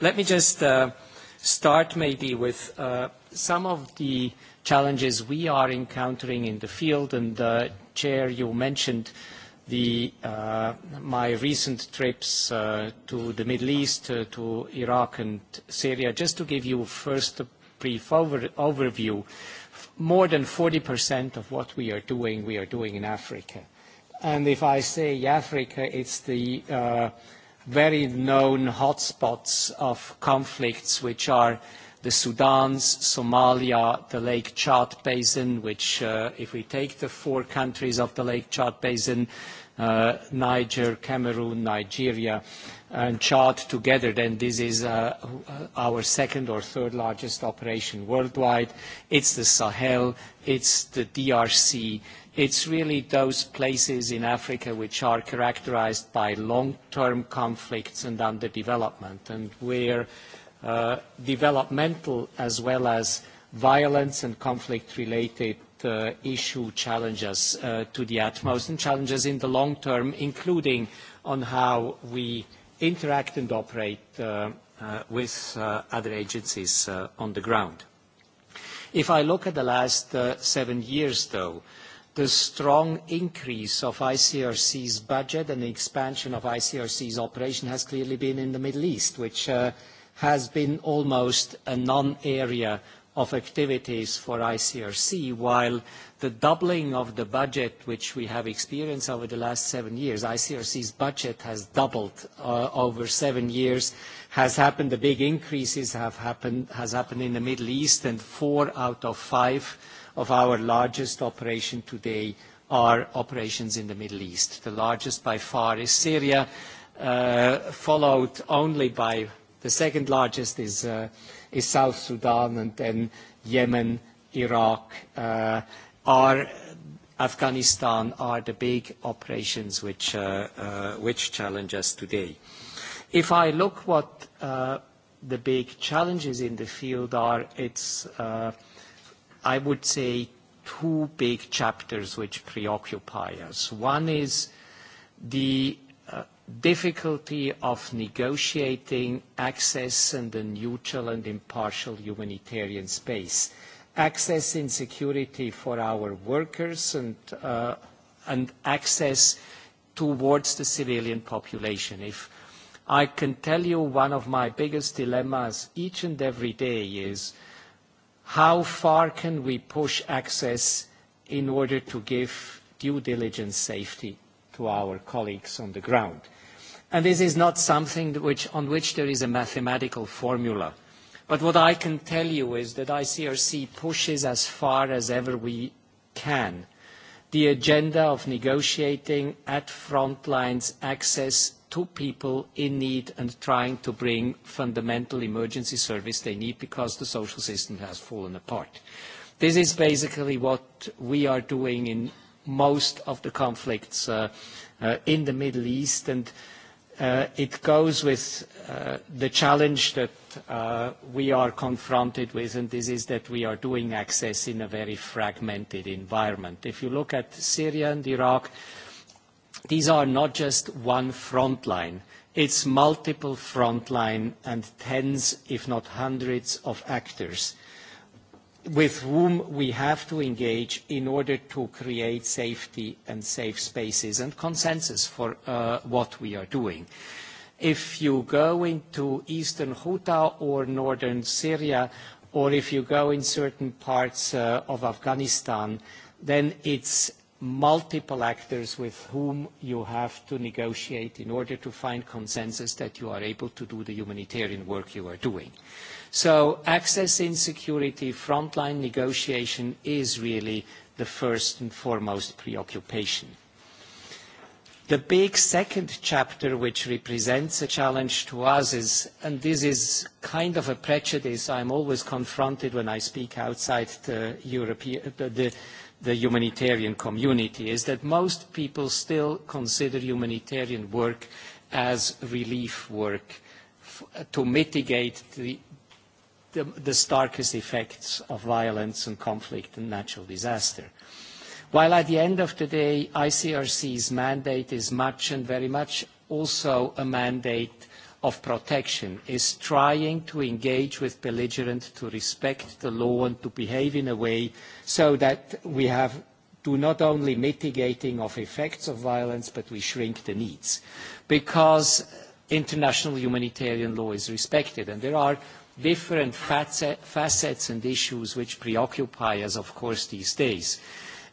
Let me just start maybe with some of the challenges we are encountering in the field. And uh, Chair, you mentioned the, uh, my recent trips uh, to the Middle East, uh, to Iraq and Syria. Just to give you first brief overview, more than 40% of what we are doing, we are doing in Africa. And if I say Africa, it's the very known hotspots of conflicts, which are the Sudan, Somalia, the Lake Chad Basin, which, if we take the four countries of the Lake Chad Basin, Niger, Cameroon, Nigeria, and Chad together, then this is our second or third largest operation worldwide. It's the Sahel, it's the DRC. It's really those places in Africa which are characterized by long-term conflicts and underdevelopment, and where developmental as well as violence and conflict-related issue challenges to the utmost and challenges in the long term, including on how we interact and operate with other agencies on the ground. If I look at the last seven years, though, the strong increase of ICRC's budget and the expansion of ICRC's operation has clearly been in the Middle East, which has been almost a non-area of activities for ICRC, while the doubling of the budget, which we have experienced over the last seven years, ICRC's budget has doubled over seven years, has happened. The big increases have happened in the Middle East, and four out of five of our largest operation today are operations in the Middle East. The largest by far is Syria, followed only by the second largest is is South Sudan and then Yemen, Iraq, uh, are Afghanistan are the big operations which, uh, uh, which challenge us today. If I look what uh, the big challenges in the field are, it's, uh, I would say, two big chapters which preoccupy us. One is the difficulty of negotiating access and a neutral and impartial humanitarian space, access in security for our workers and access towards the civilian population. If I can tell you one of my biggest dilemmas each and every day is how far can we push access in order to give due diligence safety to our colleagues on the ground? this is not something on which there is a mathematical formula. But what I can tell you is that ICRC pushes as far as ever we can the agenda of negotiating at front lines access to people in need and trying to bring fundamental emergency service they need because the social system has fallen apart. This is basically what we are doing in most of the conflicts in the Middle East, and it goes with the challenge that we are confronted with, and this is that we are doing access in a very fragmented environment. If you look at Syria and Iraq, these are not just one front line. It's multiple front line and tens, if not hundreds, of actors with whom we have to engage in order to create safety and safe spaces and consensus for what we are doing. If you go into eastern Ghouta or northern Syria, or if you go in certain parts of Afghanistan, then it's multiple actors with whom you have to negotiate in order to find consensus that you are able to do the humanitarian work you are doing. Uh, So access insecurity, frontline negotiation is really the first and foremost preoccupation. The big second chapter, which represents a challenge to us, is, and this is kind of a prejudice I'm always confronted when I speak outside the, European, the, the, the humanitarian community, is that most people still consider humanitarian work as relief work to mitigate the, the, the starkest effects of violence and conflict and natural disaster. While at the end of the day, ICRC's mandate is much and very much also a mandate of protection, is trying to engage with belligerent to respect the law and to behave in a way so that we have do not only mitigating of effects of violence, but we shrink the needs. Because international humanitarian law is respected, and there are different facets and issues which preoccupy us, of course, these days.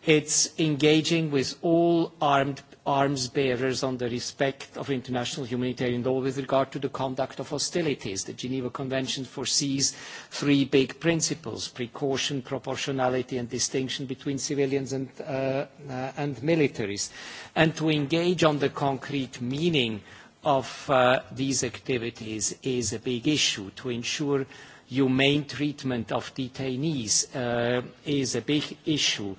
It's engaging with all armed arms bearers on the respect of international humanitarian law with regard to the conduct of hostilities. The Geneva Convention foresees three big principles, precaution, proportionality and distinction between civilians and, militaries. And to engage on the concrete meaning of these activities is a big issue. To ensure humane treatment of detainees is a big issue.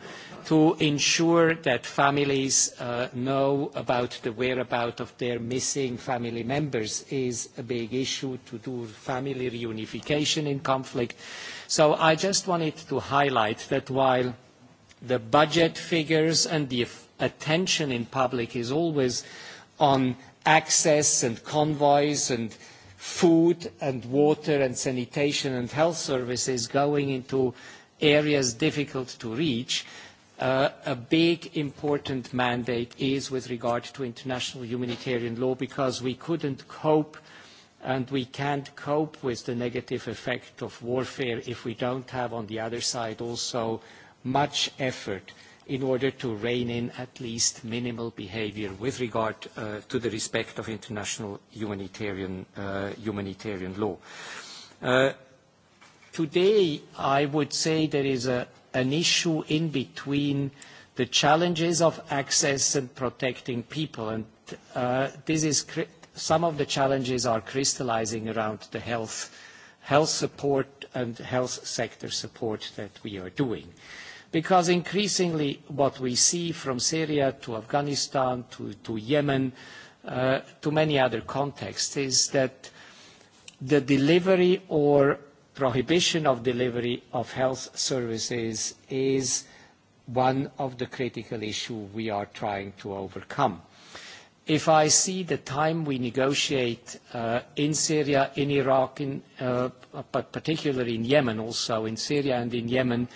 To ensure that families know about the whereabouts of their missing family members is a big issue. To do family reunification in conflict. So I just wanted to highlight that while the budget figures and the attention in public is always on access and convoys and food and water and sanitation and health services going into areas difficult to reach, a big important mandate is with regard to international humanitarian law because we couldn't cope and we can't cope with the negative effect of warfare if we don't have on the other side also much effort in order to rein in at least minimal behaviour with regard to the respect of international humanitarian law. Today, I would say there is an issue in between the challenges of access and protecting people, and this is some of the challenges are crystallising around the health support and health sector support that we are doing. Uh, Because increasingly what we see from Syria to Afghanistan to, to Yemen uh, to many other contexts is that the delivery or prohibition of delivery of health services is one of the critical issues we are trying to overcome. If I see the time we negotiate in Syria, in Iraq, but particularly in Yemen also, in Syria and in Yemen,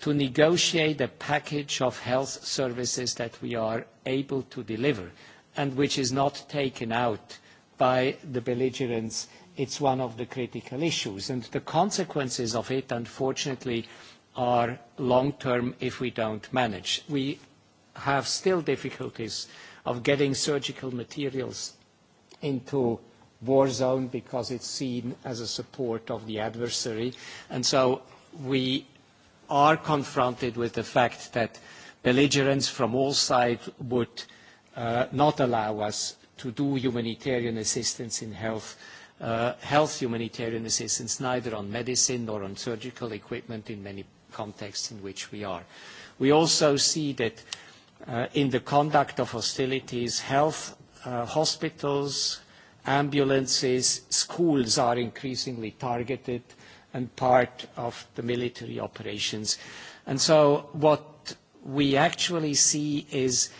to negotiate a package of health services that we are able to deliver and which is not taken out by the belligerents. It's one of the critical issues. And the consequences of it, unfortunately, are long-term if we don't manage. We have still difficulties of getting surgical materials into war zone because it's seen as a support of the adversary. And so we are confronted with the fact that belligerents from all sides would not allow us to do humanitarian assistance in health, health humanitarian assistance, neither on medicine nor on surgical equipment in many contexts in which we are. We also see that in the conduct of hostilities, health hospitals, ambulances, schools are increasingly targeted and part of the military operations. And so what we actually see is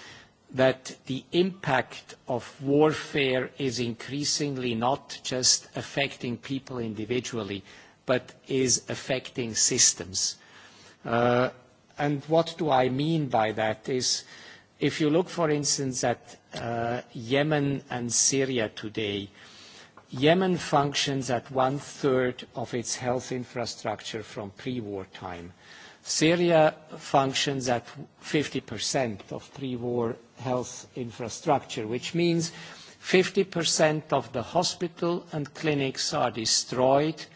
that the impact of warfare is increasingly not just affecting people individually, but is affecting systems. And what do I mean by that is, if you look, for instance, at Yemen and Syria today, Yemen functions at one-third of its health infrastructure from pre-war time. Syria functions at 50% of pre-war health infrastructure, which means 50% of the hospital and clinics are destroyed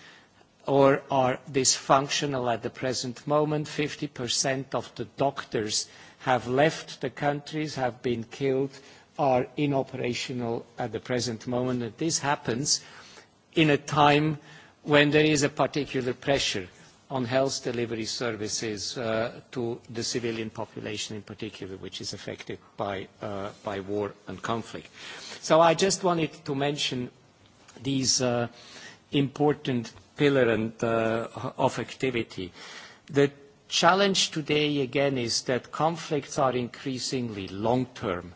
or are dysfunctional at the present moment. 50% of the doctors have left the countries, have been killed, are inoperational at the present moment. And this happens in a time when there is a particular pressure on health delivery services to the civilian population in particular, which is affected by war and conflict. So I just wanted to mention these important pillar of activity. The challenge today, again, is that conflicts are increasingly long-term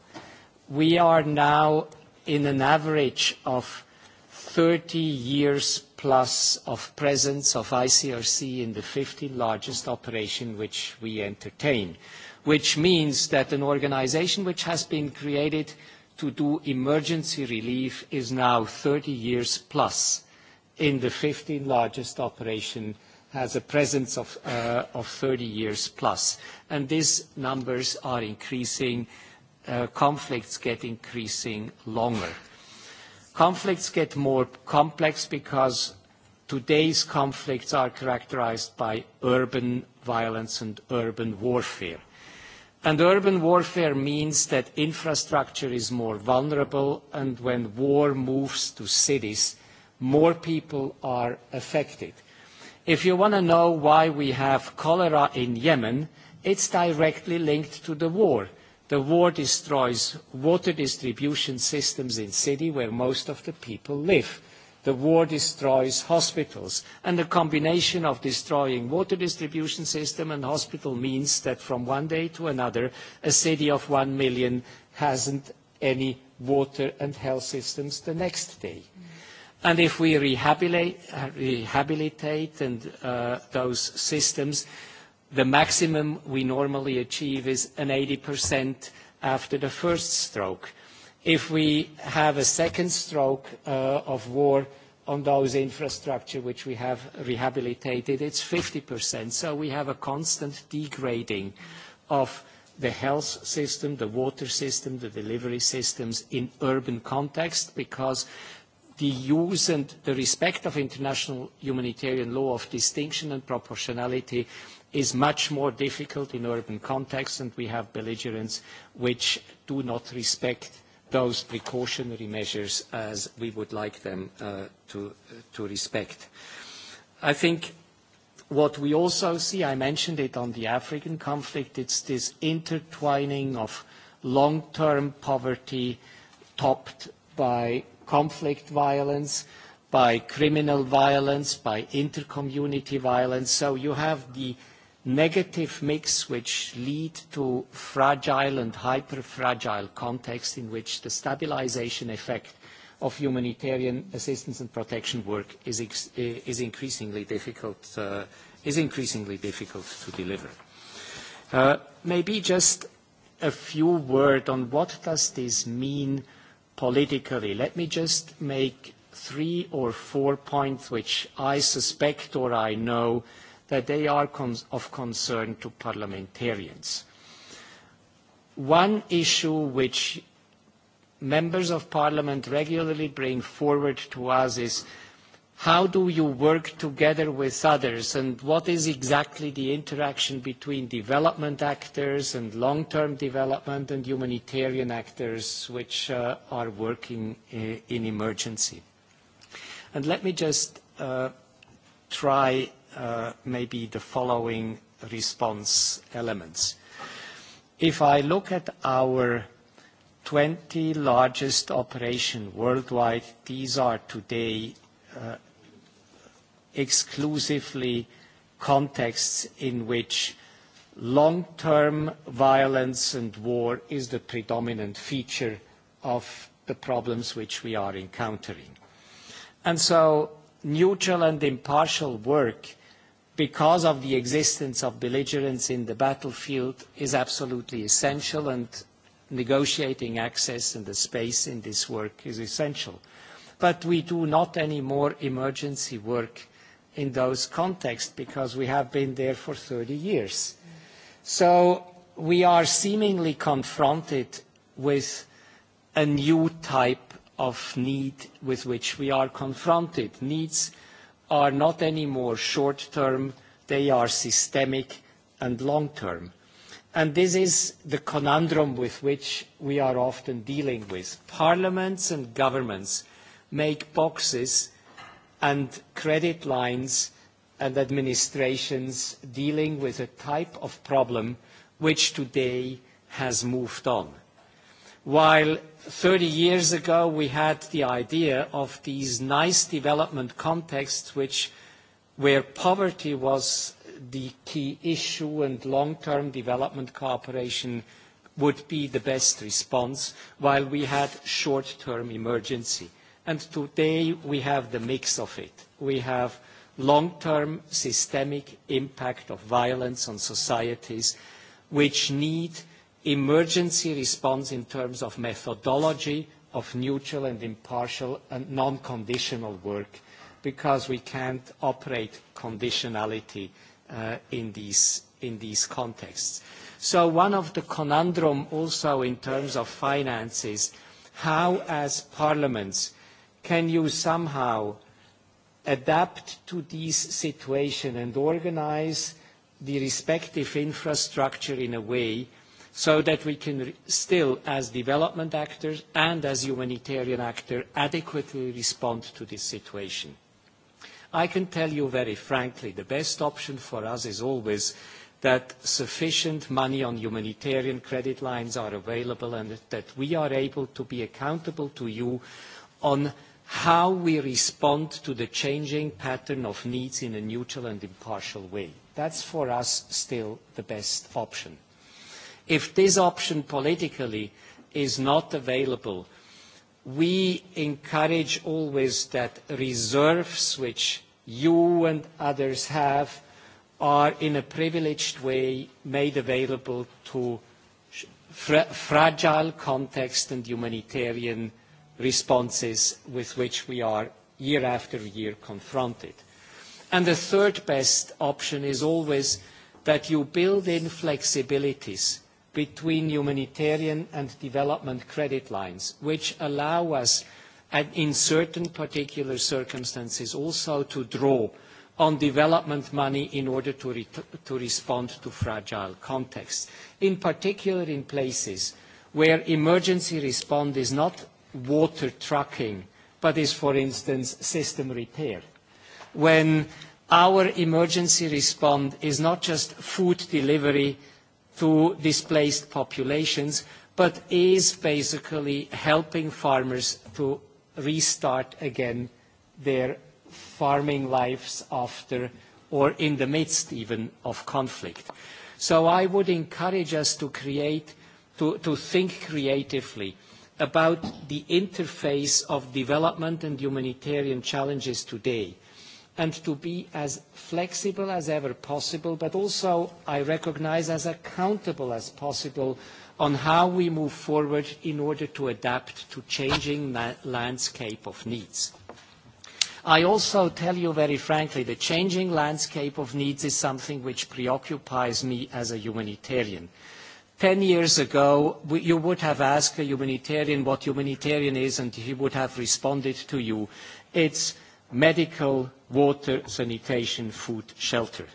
we are now in an average of 30 years plus of presence of ICRC in the 15 largest operation which we entertain. Which means that an organization which has been created to do emergency relief is now 30 years plus in the 15 largest operation has a presence of 30 years plus. These numbers are increasing conflicts get increasing longer. Conflicts get more complex because today's conflicts are characterized by urban violence and urban warfare. urban warfare means that infrastructure is more vulnerable, and when war moves to cities, more people are affected. If you want to know why we have cholera in Yemen, it's directly linked to the war The war destroys water distribution systems in cities where most of the people live. The war destroys hospitals. And the combination of destroying water distribution system and hospital means that from one day to another, a city of one million hasn't any water and health systems the next day. And if we rehabilitate, those systems, The maximum we normally achieve is an 80% after the first stroke. If we have a second stroke of war on those infrastructure which we have rehabilitated, it's 50%. So we have a constant degrading of the health system, the water system, the delivery systems in urban context because the use and the respect of international humanitarian law of distinction and proportionality is much more difficult in urban contexts, and we have belligerents which do not respect those precautionary measures as we would like them to respect. I think what we also see, I mentioned it on the African conflict, it's this intertwining of long-term poverty topped by conflict violence, by criminal violence, by intercommunity violence. So you have the negative mix which lead to fragile and hyper-fragile context in which the stabilization effect of humanitarian assistance and protection work is, is, increasingly, difficult, uh, is increasingly difficult to deliver. Uh, maybe just a few words on what does this mean politically. Let me just make three or four points which I suspect or I know that they are of concern to parliamentarians. One issue which members of parliament regularly bring forward to us is how do you work together with others and what is exactly the interaction between development actors and long-term development and humanitarian actors which are working in emergency. And let me just try maybe the following response elements. If I look at our 20 largest operation worldwide, these are today exclusively contexts in which long-term violence and war is the predominant feature of the problems which we are encountering. And so neutral and impartial work because of the existence of belligerents in the battlefield is absolutely essential and negotiating access and the space in this work is essential. But we do not any more emergency work in those contexts because we have been there for 30 years. So we are seemingly confronted with a new type of need with which we are confronted, needs are not anymore short-term, they are systemic and long-term. And this is the conundrum with which we are often dealing with. Parliaments and governments make boxes and credit lines and administrations dealing with a type of problem which today has moved on. While 30 years ago, we had the idea of these nice development contexts, which where poverty was the key issue and long-term development cooperation would be the best response, while we had short-term emergency. And Today we have the mix of it. We have long-term systemic impact of violence on societies, which need emergency response in terms of methodology of neutral and impartial and non-conditional work because we can't operate conditionality in these contexts. So one of the conundrum also in terms of finance is how, as parliaments, can you somehow adapt to this situation and organize the respective infrastructure in a way so that we can still, as development actors and as humanitarian actor, adequately respond to this situation. I can tell you very frankly, the best option for us is always that sufficient money on humanitarian credit lines are available and that we are able to be accountable to you on how we respond to the changing pattern of needs in a neutral and impartial way. That's for us still the best option. If this option politically is not available, we encourage always that reserves which you and others have are in a privileged way made available to fragile context and humanitarian responses with which we are year after year confronted. And the third best option is always that you build in flexibilities between humanitarian and development credit lines, which allow us, in certain particular circumstances, also to draw on development money in order to respond to fragile contexts. In particular, in places where emergency response is not water trucking, but is, for instance, system repair. When our emergency response is not just food delivery, to displaced populations, but is basically helping farmers to restart again their farming lives after or in the midst even of conflict. So I would encourage us to create, to, to think creatively about the interface of development and humanitarian challenges today and to be as flexible as ever possible, but also, I recognise, as accountable as possible on how we move forward in order to adapt to changing landscape of needs. I also tell you very frankly, the changing landscape of needs is something which preoccupies me as a humanitarian. Ten years ago, you would have asked a humanitarian what humanitarian is, and he would have responded to you, it's medical, water, sanitation, food, shelter.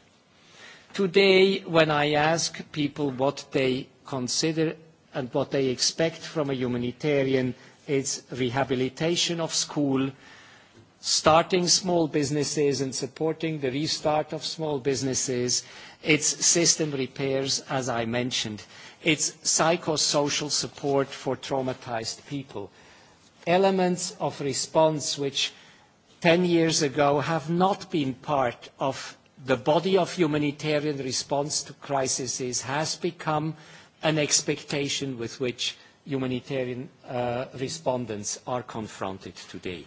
Today, when I ask people what they consider and what they expect from a humanitarian, it's rehabilitation of school, starting small businesses and supporting the restart of small businesses. It's system repairs, as I mentioned. It's psychosocial support for traumatized people. Elements of response which 10 years ago have not been part of the body of humanitarian response to crises has become an expectation with which humanitarian respondents are confronted today.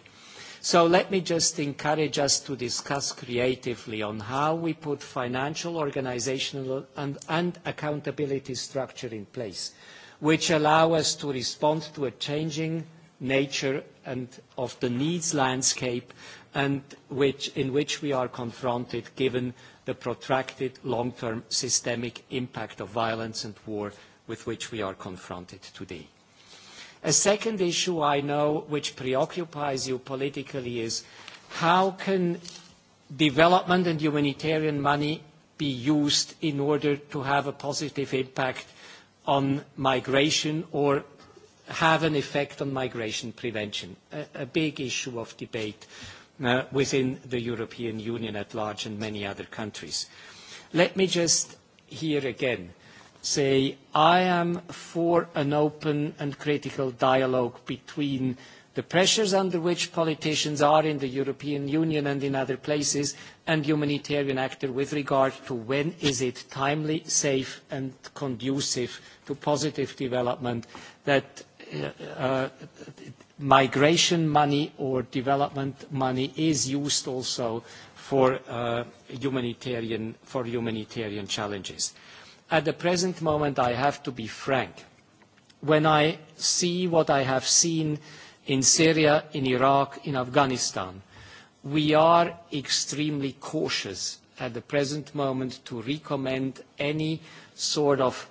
So let me just encourage us to discuss creatively on how we put financial, organizational and, accountability structure in place, which allow us to respond to a changing nature and of the needs landscape and which, in which we are confronted given the protracted long-term systemic impact of violence and war with which we are confronted today. A second issue I know which preoccupies you politically is how can development and humanitarian money be used in order to have a positive impact on migration or have an effect on migration prevention, a big issue of debate within the European Union at large and many other countries. Let me just here again say I am for an open and critical dialogue between the pressures under which politicians are in the European Union and in other places and humanitarian actors with regard to when is it timely, safe and conducive to positive development that migration money or development money is used also for humanitarian challenges. At the present moment, I have to be frank. When I see what I have seen in Syria, in Iraq, in Afghanistan, we are extremely cautious at the present moment to recommend any sort of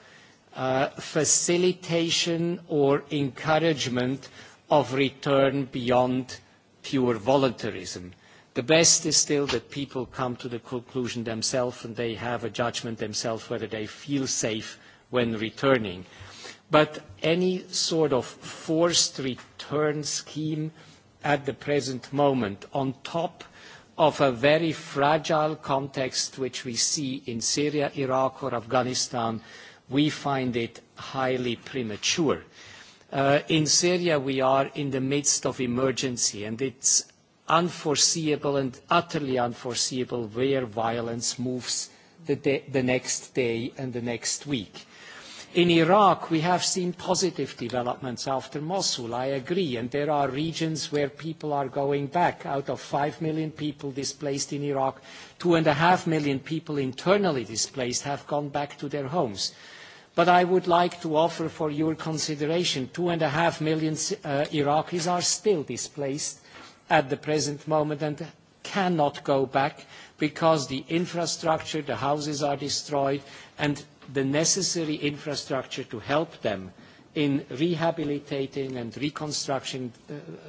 facilitation or encouragement of return beyond pure voluntarism. The best is still that people come to the conclusion themselves and they have a judgment themselves whether they feel safe when returning. But any sort of forced return scheme at the present moment on top of a very fragile context which we see in Syria, Iraq or Afghanistan we find it highly premature. in Syria, we are in the midst of emergency, and it's unforeseeable and utterly unforeseeable where violence moves the, the next day and the next week In Iraq, we have seen positive developments after Mosul, I agree, and there are regions where people are going back. Out of five million people displaced in Iraq, two and a half million people internally displaced have gone back to their homes. But I would like to offer for your consideration, two and a half million Iraqis are still displaced at the present moment and cannot go back because the infrastructure, the houses are destroyed, and the necessary infrastructure to help them in rehabilitating and reconstructing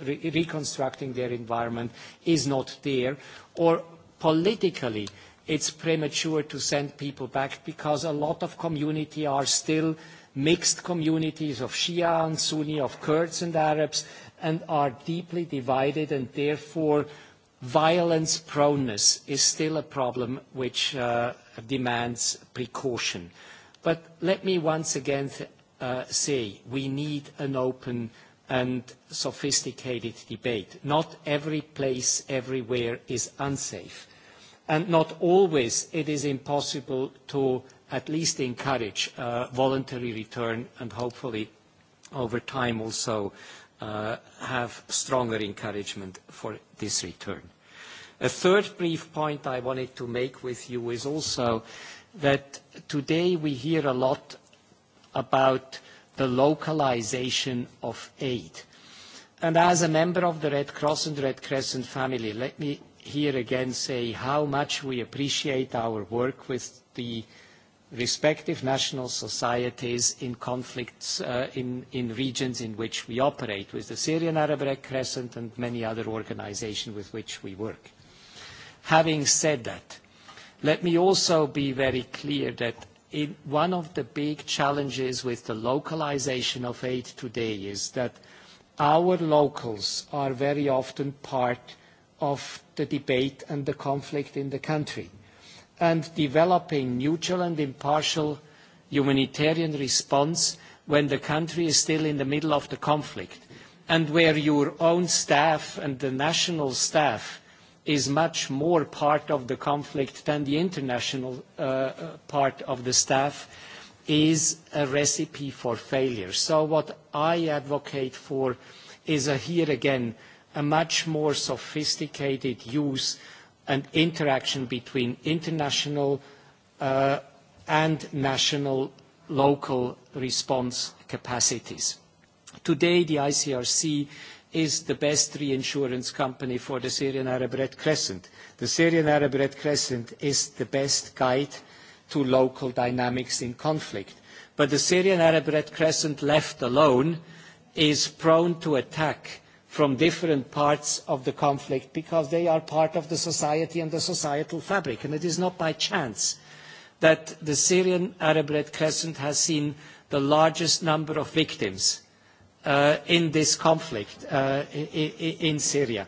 their environment is not there, or politically, it's premature to send people back because a lot of community are still mixed communities of Shia and Sunni, of Kurds and Arabs, and are deeply divided and therefore violence proneness is still a problem which demands precaution. But let me once again say we need an open and sophisticated debate. Not every place, everywhere is unsafe. And not always it is impossible to at least encourage voluntary return and hopefully over time also have stronger encouragement for this return. A third brief point I wanted to make with you is also that today we hear a lot about the localization of aid. As a member of the Red Cross and Red Crescent family, let me here again say how much we appreciate our work with the respective national societies in conflicts in regions in which we operate, with the Syrian Arab Red Crescent and many other organizations with which we work. Having said that, let me also be very clear that one of the big challenges with the localization of aid today is that our locals are very often part of the debate and the conflict in the country. And developing neutral and impartial humanitarian response when the country is still in the middle of the conflict and where your own staff and the national staff is much more part of the conflict than the international part of the staff is a recipe for failure. So what I advocate for is here again a much more sophisticated use and interaction between international and national local response capacities. Today, the ICRC is the best reinsurance company for the Syrian Arab Red Crescent. The Syrian Arab Red Crescent is the best guide to local dynamics in conflict. But the Syrian Arab Red Crescent left alone is prone to attack from different parts of the conflict because they are part of the society and the societal fabric. And it is not by chance that the Syrian Arab Red Crescent has seen the largest number of victims in this conflict in Syria.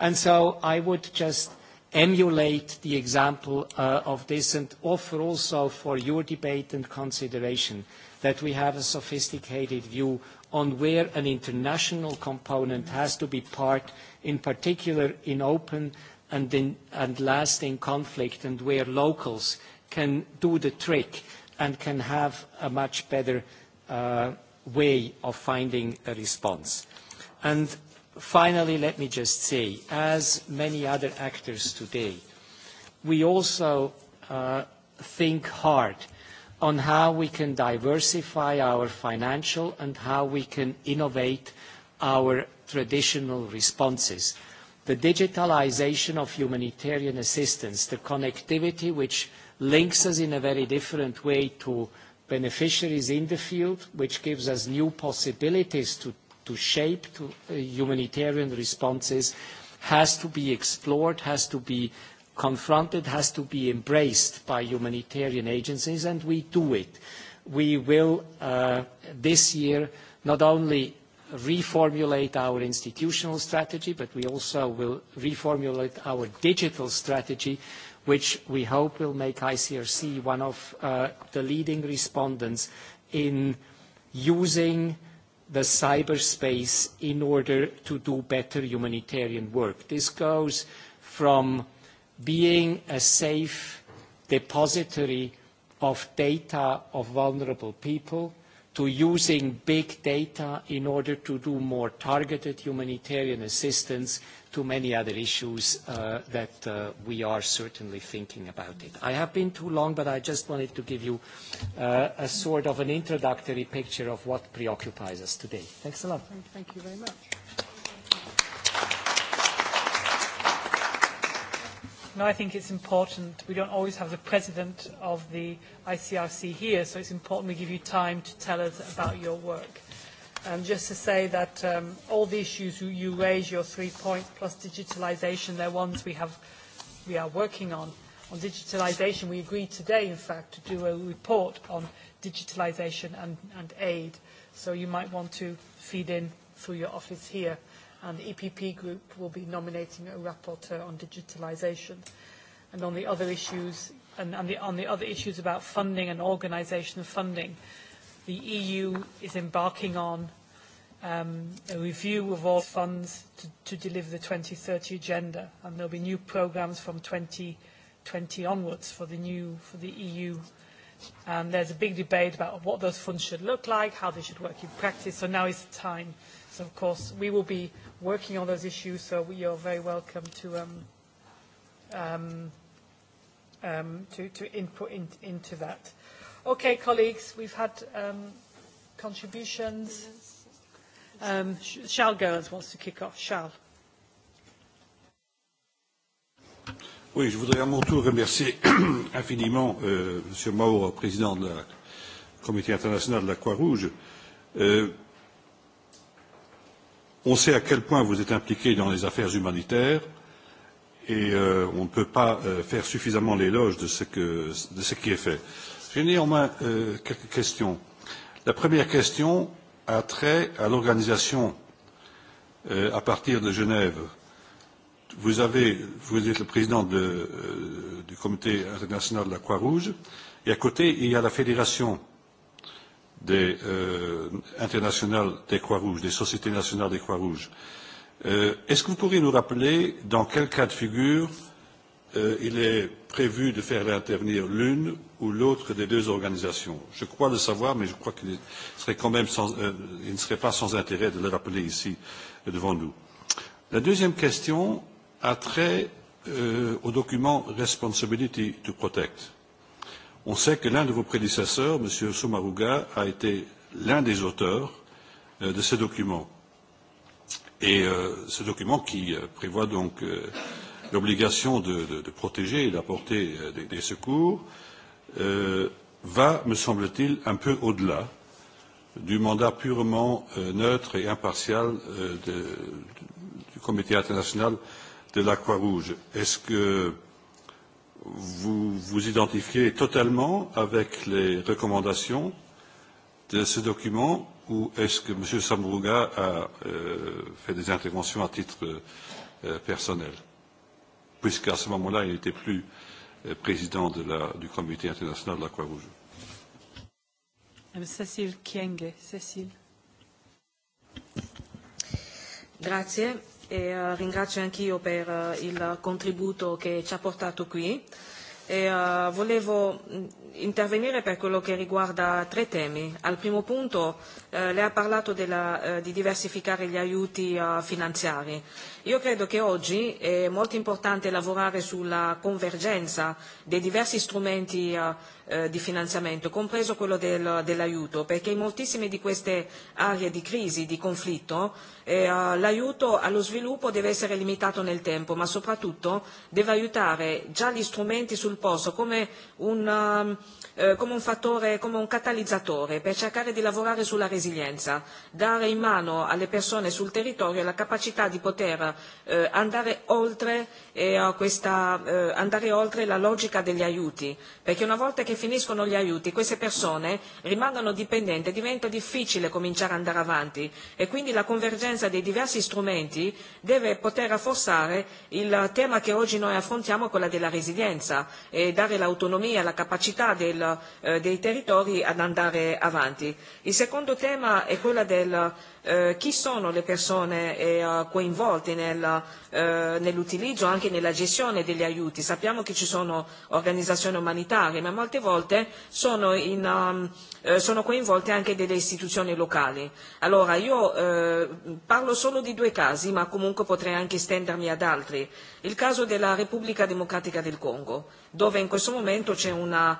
And so I would just emulate the example of this and offer also for your debate and consideration that we have a sophisticated view on where an international component has to be part, in particular in open and lasting conflict, and where locals can do the trick and can have a much better way of finding a response. And finally, let me just say, as many other actors today, we also uh, think hard on how we can diversify our financial and how we can innovate our traditional responses. The digitalization of humanitarian assistance, the connectivity which links us in a very different way to beneficiaries in the field, which gives us new possibilities to shape humanitarian responses has to be explored, has to be confronted, has to be embraced by humanitarian agencies, and we do it. We will, this year, not only reformulate our institutional strategy, but we also will reformulate our digital strategy which we hope will make ICRC one of the leading respondents in using the cyberspace in order to do better humanitarian work. This goes from being a safe depository of data of vulnerable people to using big data in order to do more targeted humanitarian assistance to many other issues that we are certainly thinking about it. I have been too long, but I just wanted to give you a sort of an introductory picture of what preoccupies us today. Thanks a lot. Thank you very much. No, I think it's important. We don't always have the president of the ICRC here, so it's important we give you time to tell us about your work. Um, just to say that um, all the issues you, you raise, your three points plus digitalisation, they're ones we, have, we are working on. On digitalisation, we agreed today, in fact, to do a report on digitalisation and, and aid. So you might want to feed in through your office here and the EPP group will be nominating a rapporteur on digitalisation. And on the other issues, and, and the, on the other issues about funding and organisation of funding, the EU is embarking on um, a review of all funds to, to deliver the 2030 agenda, and there'll be new programmes from 2020 onwards for the new for the EU. And there's a big debate about what those funds should look like, how they should work in practice. So now is the time. So of course we will be working on those issues, so we are very welcome to um, um, um, to, to input in, into that. Okay, colleagues, we've had um, contributions. Um, Charles Goins wants to kick off. Charles. Oui, je voudrais à mon tour remercier infiniment euh, M. Mauro, président de la Comité international de la Croix-Rouge. Euh, On sait à quel point vous êtes impliqué dans les affaires humanitaires et euh, on ne peut pas euh, faire suffisamment l'éloge de, ce de ce qui est fait. J'ai néanmoins euh, quelques questions. La première question a trait à l'organisation euh, à partir de Genève. Vous, avez, vous êtes le président de, euh, du comité international de la Croix-Rouge et à côté, il y a la fédération euh, des, euh, internationales des Croix-Rouges, des sociétés nationales des Croix-Rouges. Euh, Est-ce que vous pourriez nous rappeler dans quel cas de figure euh, il est prévu de faire intervenir l'une ou l'autre des deux organisations Je crois le savoir, mais je crois qu'il serait quand même sans, euh, il ne serait pas sans intérêt de le rappeler ici devant nous. La deuxième question a trait euh, au document Responsibility to Protect On sait que l'un de vos prédécesseurs, M. Somaruga, a été l'un des auteurs de ce document. Et ce document qui prévoit donc l'obligation de, protéger et d'apporter des, secours va, me semble-t-il, un peu au-delà du mandat purement neutre et impartial du Comité international de la Croix-Rouge. Est-ce que vous vous identifiez totalement avec les recommandations de ce document ou est-ce que M. Samburuga a euh, fait des interventions à titre euh, personnel Puisqu'à ce moment-là, il n'était plus euh, président de la, du comité international de la Croix-Rouge. Cécile Kienge, Cécile. Grazie e ringrazio anch'io per il contributo che ci ha portato qui. E, volevo intervenire per quello che riguarda tre temi. Al primo punto eh, lei ha parlato della, eh, di diversificare gli aiuti eh, finanziari. Io credo che oggi è molto importante lavorare sulla convergenza dei diversi strumenti eh, di finanziamento, compreso quello del, dell'aiuto, perché in moltissime di queste aree di crisi, di conflitto, eh, l'aiuto allo sviluppo deve essere limitato nel tempo, ma soprattutto deve aiutare già gli strumenti sul posto come un come un fattore, come un catalizzatore per cercare di lavorare sulla resilienza, dare in mano alle persone sul territorio la capacità di poter eh, andare, oltre, eh, questa, eh, andare oltre la logica degli aiuti, perché una volta che finiscono gli aiuti queste persone rimangono dipendenti, diventa difficile cominciare ad andare avanti e quindi la convergenza dei diversi strumenti deve poter rafforzare il tema che oggi noi affrontiamo, quello della resilienza, e dare l'autonomia, la capacità del, eh, dei territori ad andare avanti. Il secondo tema è quello del chi sono le persone coinvolte nell'utilizzo e anche nella gestione degli aiuti. Sappiamo che ci sono organizzazioni umanitarie, ma molte volte sono, in, sono coinvolte anche delle istituzioni locali. Allora, io parlo solo di due casi, ma comunque potrei anche estendermi ad altri. Il caso della Repubblica Democratica del Congo, dove in questo momento c'è una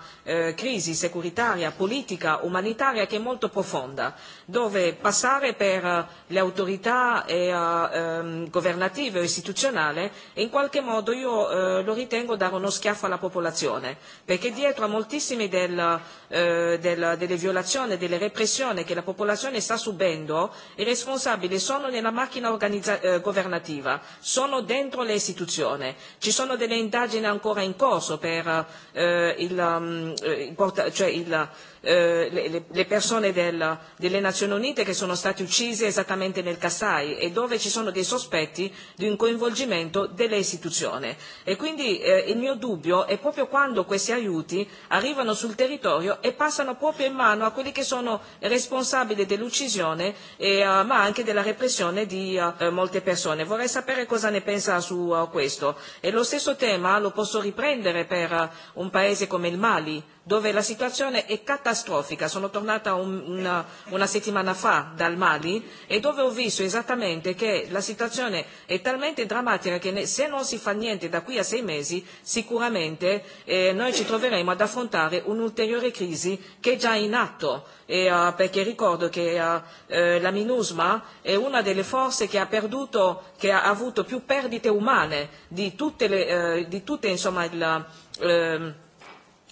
crisi securitaria, politica, umanitaria che è molto profonda, dove passare per per le autorità e, ehm, governative o istituzionali e in qualche modo io eh, lo ritengo dare uno schiaffo alla popolazione, perché dietro a moltissime del, eh, del, delle violazioni, delle repressioni che la popolazione sta subendo, i responsabili sono nella macchina organizza- governativa, sono dentro le istituzioni, ci sono delle indagini ancora in corso per uh, il, um, il, cioè il le, le persone del, delle Nazioni Unite che sono state uccise esattamente nel Kasai e dove ci sono dei sospetti di un coinvolgimento delle istituzioni. E quindi eh, il mio dubbio è proprio quando questi aiuti arrivano sul territorio e passano proprio in mano a quelli che sono responsabili dell'uccisione eh, ma anche della repressione di eh, molte persone. Vorrei sapere cosa ne pensa su uh, questo. E lo stesso tema lo posso riprendere per uh, un paese come il Mali dove la situazione è catastrofica. Sono tornata un, una, una settimana fa dal Mali e dove ho visto esattamente che la situazione è talmente drammatica che ne, se non si fa niente da qui a sei mesi sicuramente eh, noi ci troveremo ad affrontare un'ulteriore crisi che è già in atto. E, uh, perché ricordo che uh, eh, la MINUSMA è una delle forze che ha perduto, che ha avuto più perdite umane di tutte, le, uh, di tutte insomma, il, uh,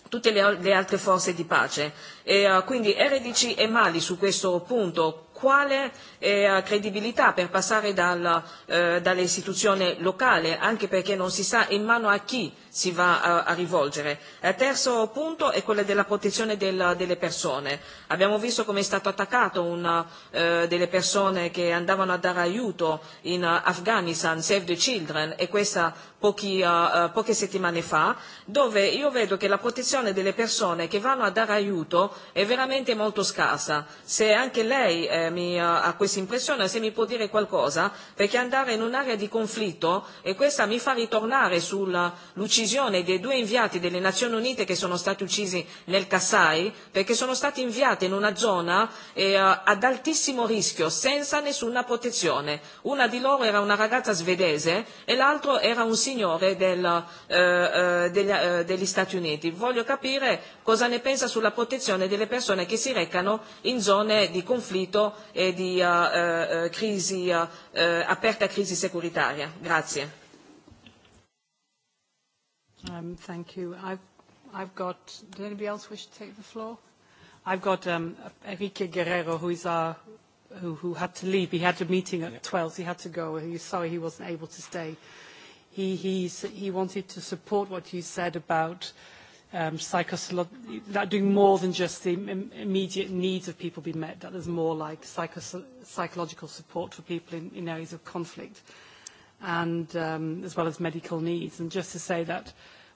tutte le, le altre forze di pace. E, uh, quindi RDC e Mali su questo punto quale e a credibilità per passare dal, eh, dall'istituzione locale, anche perché non si sa in mano a chi si va a, a rivolgere. Il terzo punto è quello della protezione del, delle persone. Abbiamo visto come è stato attaccato una eh, delle persone che andavano a dare aiuto in Afghanistan, Save the Children, e questa pochi, uh, poche settimane fa, dove io vedo che la protezione delle persone che vanno a dare aiuto è veramente molto scarsa. Se anche lei eh, mi, uh, a questi si impressiona se mi può dire qualcosa, perché andare in un'area di conflitto, e questa mi fa ritornare sull'uccisione dei due inviati delle Nazioni Unite che sono stati uccisi nel Kassai, perché sono stati inviati in una zona eh, ad altissimo rischio, senza nessuna protezione. Una di loro era una ragazza svedese e l'altro era un signore del, eh, eh, degli, eh, degli Stati Uniti. Voglio capire cosa ne pensa sulla protezione delle persone che si recano in zone di conflitto e di uh, crisi aperta crisi securitaria. Grazie. Um, thank you. I've, I've got, anybody else wish to take the floor? I've got um, Enrique Guerrero, who is our, who, who had to leave. He had a meeting at 12, so he had to go. sorry he wasn't able to stay. He, he's, he wanted to support what you said about uh, um, that doing more than just the immediate needs of people be met, that there's more like psychos psychological support for people in, in areas of conflict, and um, as well as medical needs. And just to say that,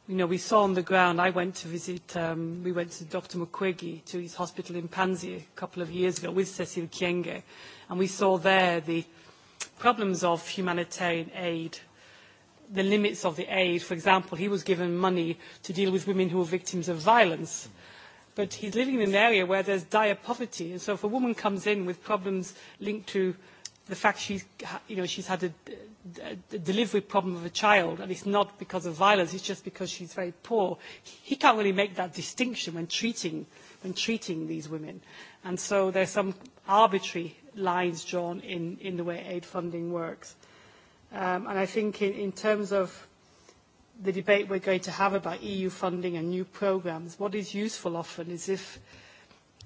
you know, we saw on the ground, I went to visit, um, we went to Dr. Mukwege, to his hospital in Panzi a couple of years ago with Cecil Kienge, and we saw there the problems of humanitarian aid the limits of the aid. For example, he was given money to deal with women who were victims of violence. But he's living in an area where there's dire poverty. And so if a woman comes in with problems linked to the fact she's, you know, she's had a, a delivery problem of a child, and it's not because of violence, it's just because she's very poor, he can't really make that distinction when treating, when treating these women. And so there's some arbitrary lines drawn in, in the way aid funding works Um, and I think in, in terms of the debate we're going to have about EU funding and new programs, what is useful often is if,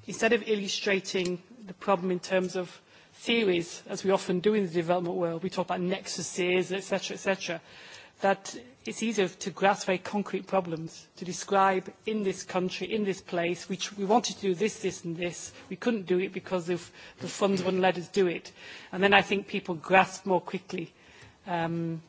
instead of illustrating the problem in terms of theories, as we often do in the development world, we talk about nexuses, etc., etc., that it's easier to grasp very concrete problems, to describe in this country, in this place, which we wanted to do this, this and this, we couldn't do it because the, the funds wouldn't let us do it. And then I think people grasp more quickly um,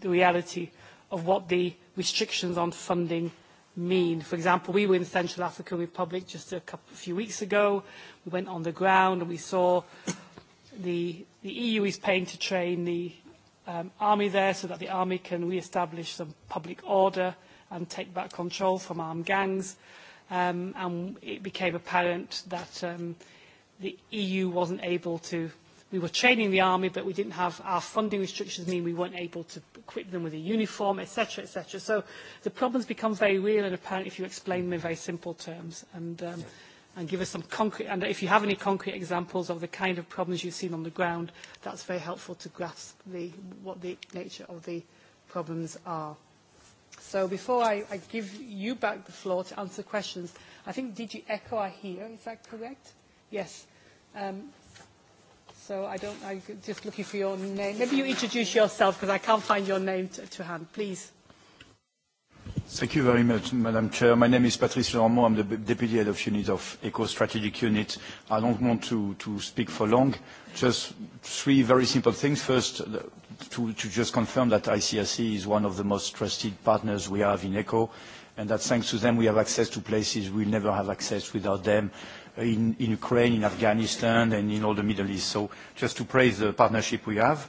the reality of what the restrictions on funding mean. For example, we were in the Central African Republic just a, couple, a few weeks ago. We went on the ground and we saw the, the EU is paying to train the um, army there so that the army can re-establish some public order and take back control from armed gangs. Um, and it became apparent that um, the EU wasn't able to we were training the army, but we didn't have our funding restrictions mean we weren't able to equip them with a uniform, etc., etc. So the problems become very real and apparent if you explain them in very simple terms and, um, and give us some concrete. And if you have any concrete examples of the kind of problems you've seen on the ground, that's very helpful to grasp the, what the nature of the problems are. So before I, I give you back the floor to answer questions, I think you Echo are here. Is that correct? Yes. Um, So I don't, I'm just looking for your name. Maybe you introduce yourself because I can't find your name to, to hand. Please. Thank you very much, Madam Chair. My name is Patrice Lenormand. I'm the Deputy Head of Unit of Eco Strategic Unit. I don't want to, to speak for long. Just three very simple things. First, to, to just confirm that ICRC is one of the most trusted partners we have in ECO, and that thanks to them we have access to places we never have access without them in, Ukraine, in Afghanistan, and in all the Middle East. So just to praise the partnership we have.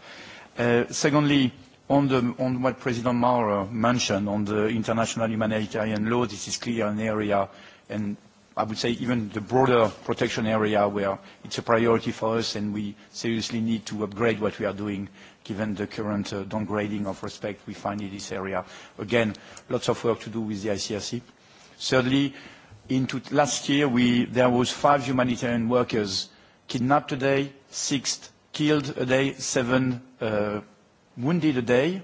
secondly, on, what President Maurer mentioned on the international humanitarian law, this is clearly an area, and I would say even the broader protection area where it's a priority for us and we seriously need to upgrade what we are doing given the current downgrading of respect we find in this area. Again, lots of work to do with the ICRC. Thirdly, into last year, we there was five humanitarian workers kidnapped a day, six killed a day, seven uh, wounded a day.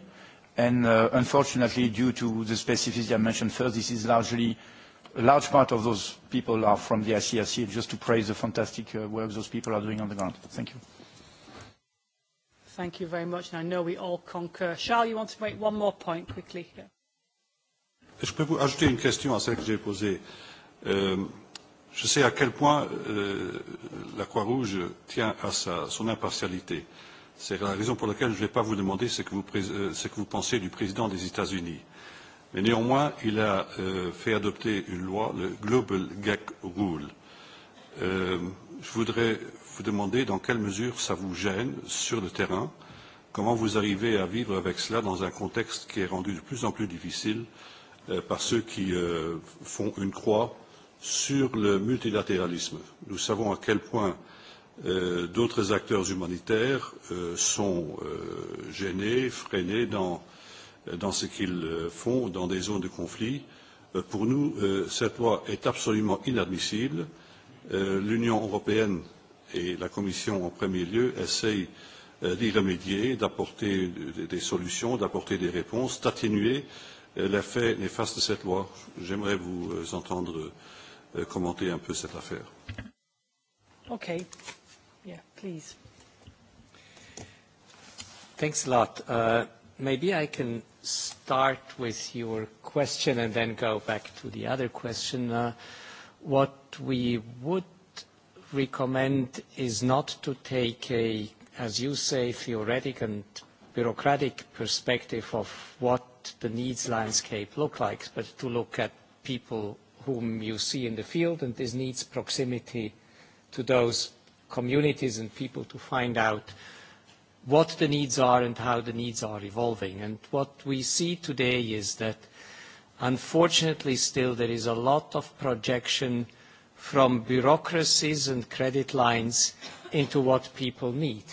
And uh, unfortunately, due to the specificity I mentioned first, this is largely a large part of those people are from the ICRC, just to praise the fantastic uh, work those people are doing on the ground. Thank you. Thank you very much, and I know we all concur. Charles, you want to make one more point quickly? Yeah. Je peux vous ajouter une question à celle que j'ai posée. Euh, je sais à quel point la Croix-Rouge tient à son impartialité. C'est la raison pour laquelle je ne vais pas vous demander ce que vous, pensez du président des États-Unis. Mais néanmoins, il a fait adopter une loi, le Global Gag Rule. je voudrais vous demander dans quelle mesure ça vous gêne sur le terrain, comment vous arrivez à vivre avec cela dans un contexte qui est rendu de plus en plus difficile par ceux qui font une croix sur le multilatéralisme. Nous savons à quel point d'autres acteurs humanitaires sont gênés, freinés dans, ce qu'ils font dans des zones de conflit. Pour nous, cette loi est absolument inadmissible. L'Union européenne et la Commission en premier lieu essayent d'y remédier, d'apporter des solutions, d'apporter des réponses, d'atténuer l'effet néfaste de cette loi. J'aimerais vous entendre euh, commenter un peu cette affaire. OK. Yeah, please. Thanks a lot. Uh, maybe I can start with your question and then go back to the other question. Uh, what we would recommend is not to take a, as you say, theoretic and bureaucratic perspective of what the needs landscape look like, but to look at people whom you see in the field, and this needs proximity to those communities and people to find out what the needs are and how the needs are evolving. what we see today is that unfortunately still there is a lot of projection from bureaucracies and credit lines into what people need,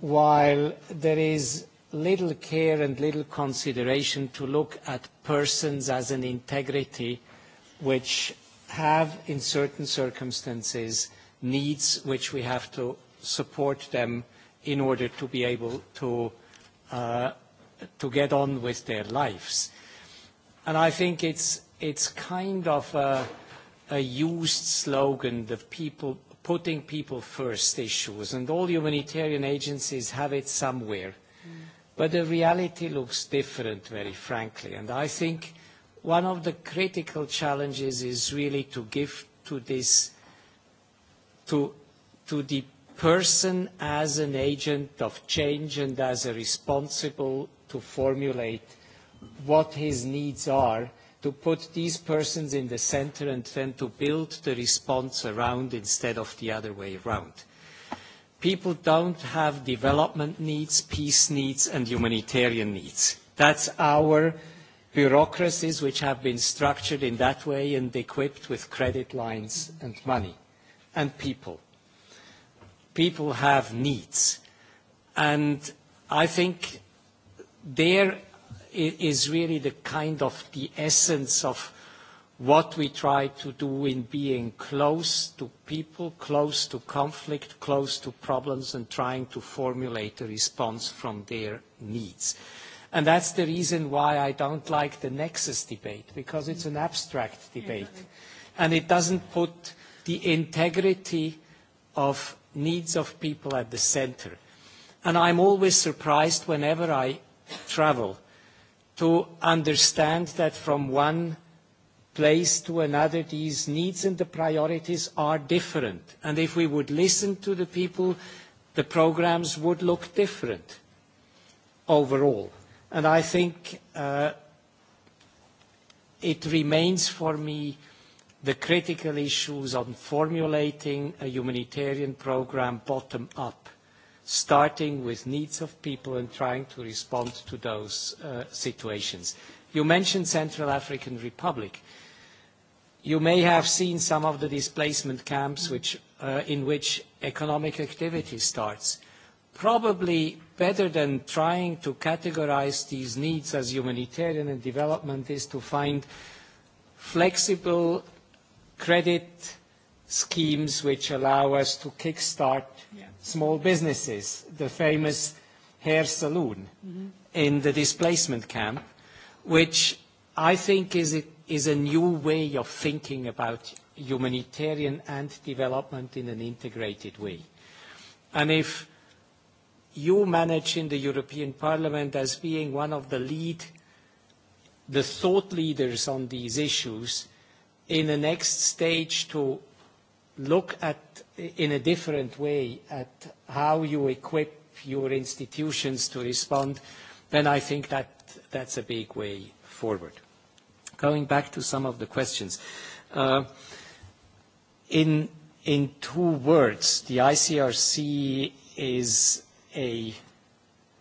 while there is little care and little consideration to look at persons as an integrity which have, in certain circumstances, needs which we have to support them in order to be able to, uh, to get on with their lives. And I think it's, it's kind of a, a used slogan, the people, putting people first issues, and all humanitarian agencies have it somewhere. But the reality looks different, very frankly, and I think one of the critical challenges is really to give to this, to, to the person as an agent of change and as a responsible to formulate what his needs are, to put these persons in the center and then to build the response around instead of the other way around. People don't have development needs, peace needs, and humanitarian needs. That's our bureaucracies which have been structured in that way and equipped with credit lines and money and people. People have needs. And I think there is really the kind of the essence of what we try to do in being close to people, close to conflict, close to problems, and trying to formulate a response from their needs. And that's the reason why I don't like the nexus debate, because it's an abstract debate. And it doesn't put the integrity of needs of people at the center. And I'm always surprised whenever I travel to understand that from one place to another, these needs and the priorities are different. And if we would listen to the people, the programs would look different overall. I think it remains for me the critical issues on formulating a humanitarian program bottom up, starting with needs of people and trying to respond to those situations. You mentioned Central African Republic. You may have seen some of the displacement camps in which economic activity starts probably better than trying to categorize these needs as humanitarian and development is to find flexible credit schemes which allow us to kickstart small businesses. The famous hair -hmm. in the displacement camp, which I think is a, is a new way of thinking about humanitarian and development in an integrated way. And if you manage in the European Parliament as being one of the lead, the thought leaders on these issues, in the next stage to look at, in a different way, at how you equip your institutions to respond, then I think that that's a big way forward. Going back to some of the questions. In two words, the ICRC is a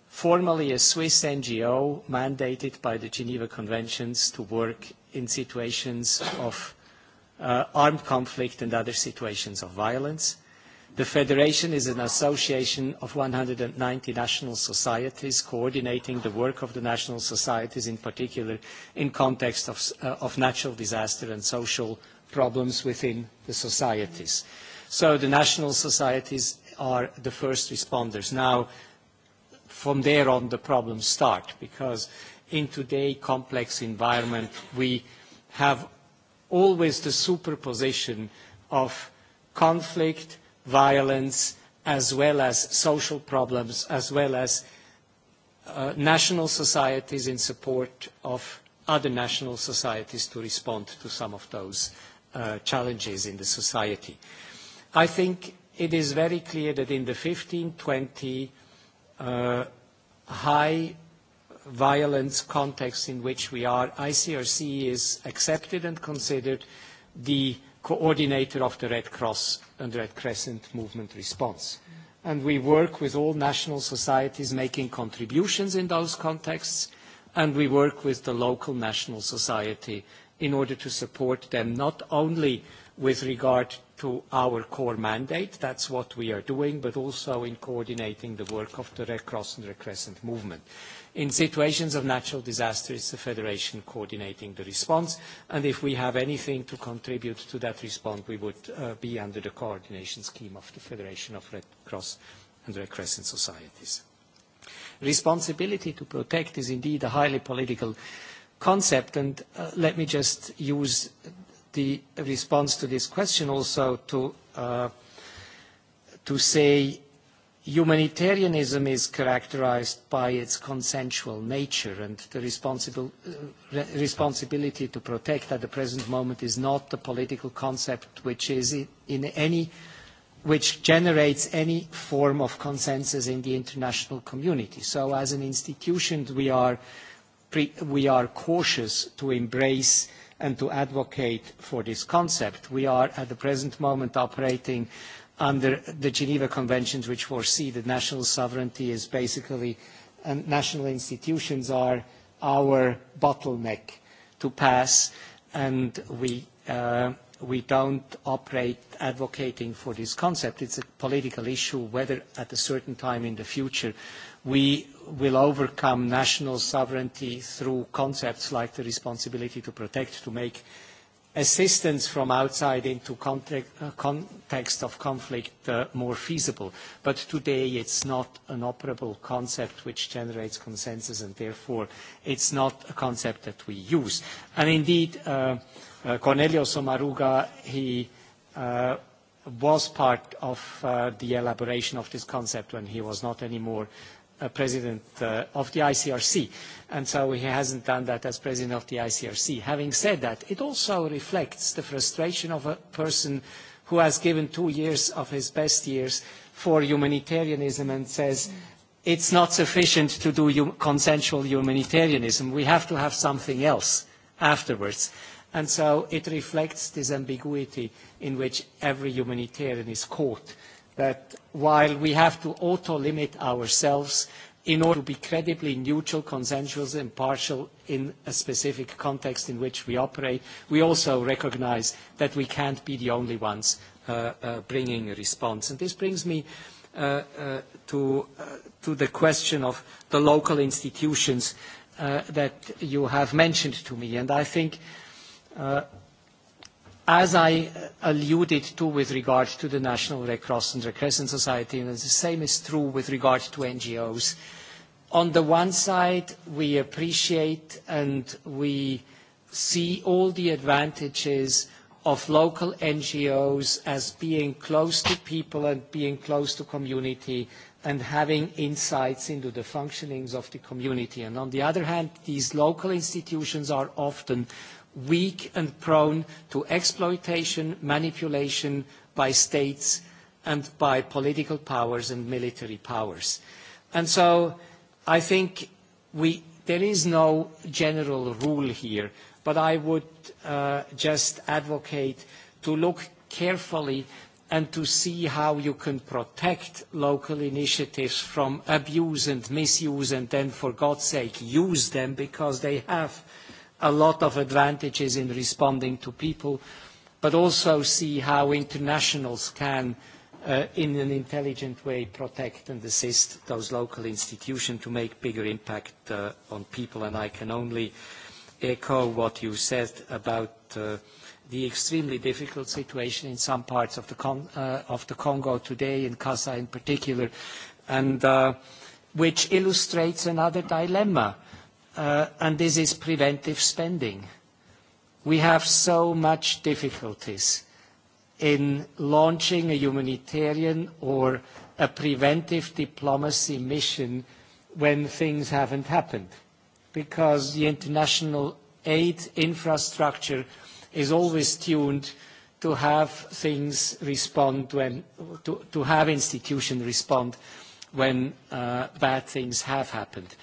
formally a Swiss NGO mandated by the Geneva Conventions to work in situations of uh, armed conflict and other situations of violence. The Federation is an association of 190 national societies coordinating the work of the national societies, in particular in context of, uh, of natural disaster and social problems within the societies. So the national societies are the first responders. Now, from there on, the problems start because in today's complex environment, we have always the superposition of conflict, violence, as well as social problems, as well as national societies in support of other national societies to respond to some of those challenges in the society. I think it is very clear that in the 15, 20 high violence context in which we are, ICRC is accepted and considered the coordinator of the Red Cross and Red Crescent movement response. And we work with all national societies making contributions in those contexts, and we work with the local national society in order to support them not only with regard to our core mandate. That's what we are doing, but also in coordinating the work of the Red Cross and Red Crescent movement. In situations of natural disaster, it's the Federation coordinating the response, and if we have anything to contribute to that response, we would be under the coordination scheme of the Federation of Red Cross and Red Crescent Societies. Responsibility to protect is indeed a highly political concept, and let me just use the response to this question also to, say humanitarianism is characterized by its consensual nature and the responsibility to protect at the present moment is not a political concept which is in any which generates any form of consensus in the international community. So as an institution, we are, pre we are cautious to embrace and to advocate for this concept. We are at the present moment operating under the Geneva Conventions which foresee that national sovereignty is basically, and national institutions are our bottleneck to pass and we uh, we don't operate advocating for this concept. It's a political issue whether at a certain time in the future we will overcome national sovereignty through concepts like the responsibility to protect, to make assistance from outside into context of conflict more feasible. But today it's not an operable concept which generates consensus and therefore it's not a concept that we use. And indeed, Cornelio Sommaruga, he uh, was part of uh, the elaboration of this concept when he was not anymore uh, president uh, of the ICRC. And so he hasn't done that as president of the ICRC. Having said that, it also reflects the frustration of a person who has given two years of his best years for humanitarianism and says, it's not sufficient to do consensual humanitarianism. We have to have something else afterwards. And so it reflects this ambiguity in which every humanitarian is caught, that while we have to auto-limit ourselves in order to be credibly neutral, consensual and partial in a specific context in which we operate, we also recognise that we can't be the only ones bringing a response. And this brings me to the question of the local institutions that you have mentioned to me. And I think uh, As I alluded to with regard to the National Red Cross and Red Crescent Society, and the same is true with regard to NGOs. On the one side, we appreciate and we see all the advantages of local NGOs as being close to people and being close to community and having insights into the functionings of the community. And on the other hand, these local institutions are often weak and prone to exploitation, manipulation by states and by political powers and military powers. so I think there is no general rule here, but I would just advocate to look carefully and to see how you can protect local initiatives from abuse and misuse and then, for God's sake, use them because they have a lot of advantages in responding to people, but also see how internationals can, in an intelligent way, protect and assist those local institutions to make bigger impact on people. And I can only echo what you said about the extremely difficult situation in some parts of the Congo today, in Kasa in particular, and which illustrates another dilemma and this is preventive spending. We have so much difficulties in launching a humanitarian or a preventive diplomacy mission when things haven't happened, because the international aid infrastructure is always tuned to have things respond when to have institutions respond when bad things have happened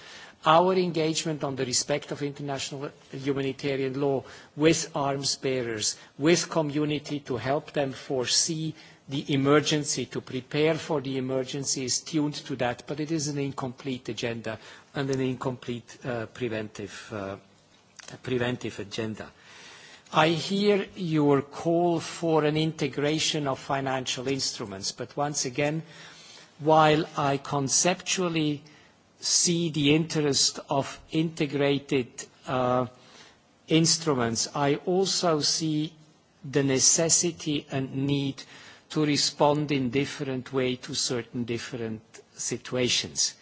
our engagement on the respect of international humanitarian law with arms bearers, with community to help them foresee the emergency, to prepare for the emergency is tuned to that, but it is an incomplete agenda and an incomplete preventive agenda. I hear your call for an integration of financial instruments, but once again, while I conceptually see the interest of integrated instruments, I also see the necessity and need to respond in different way to certain different situations.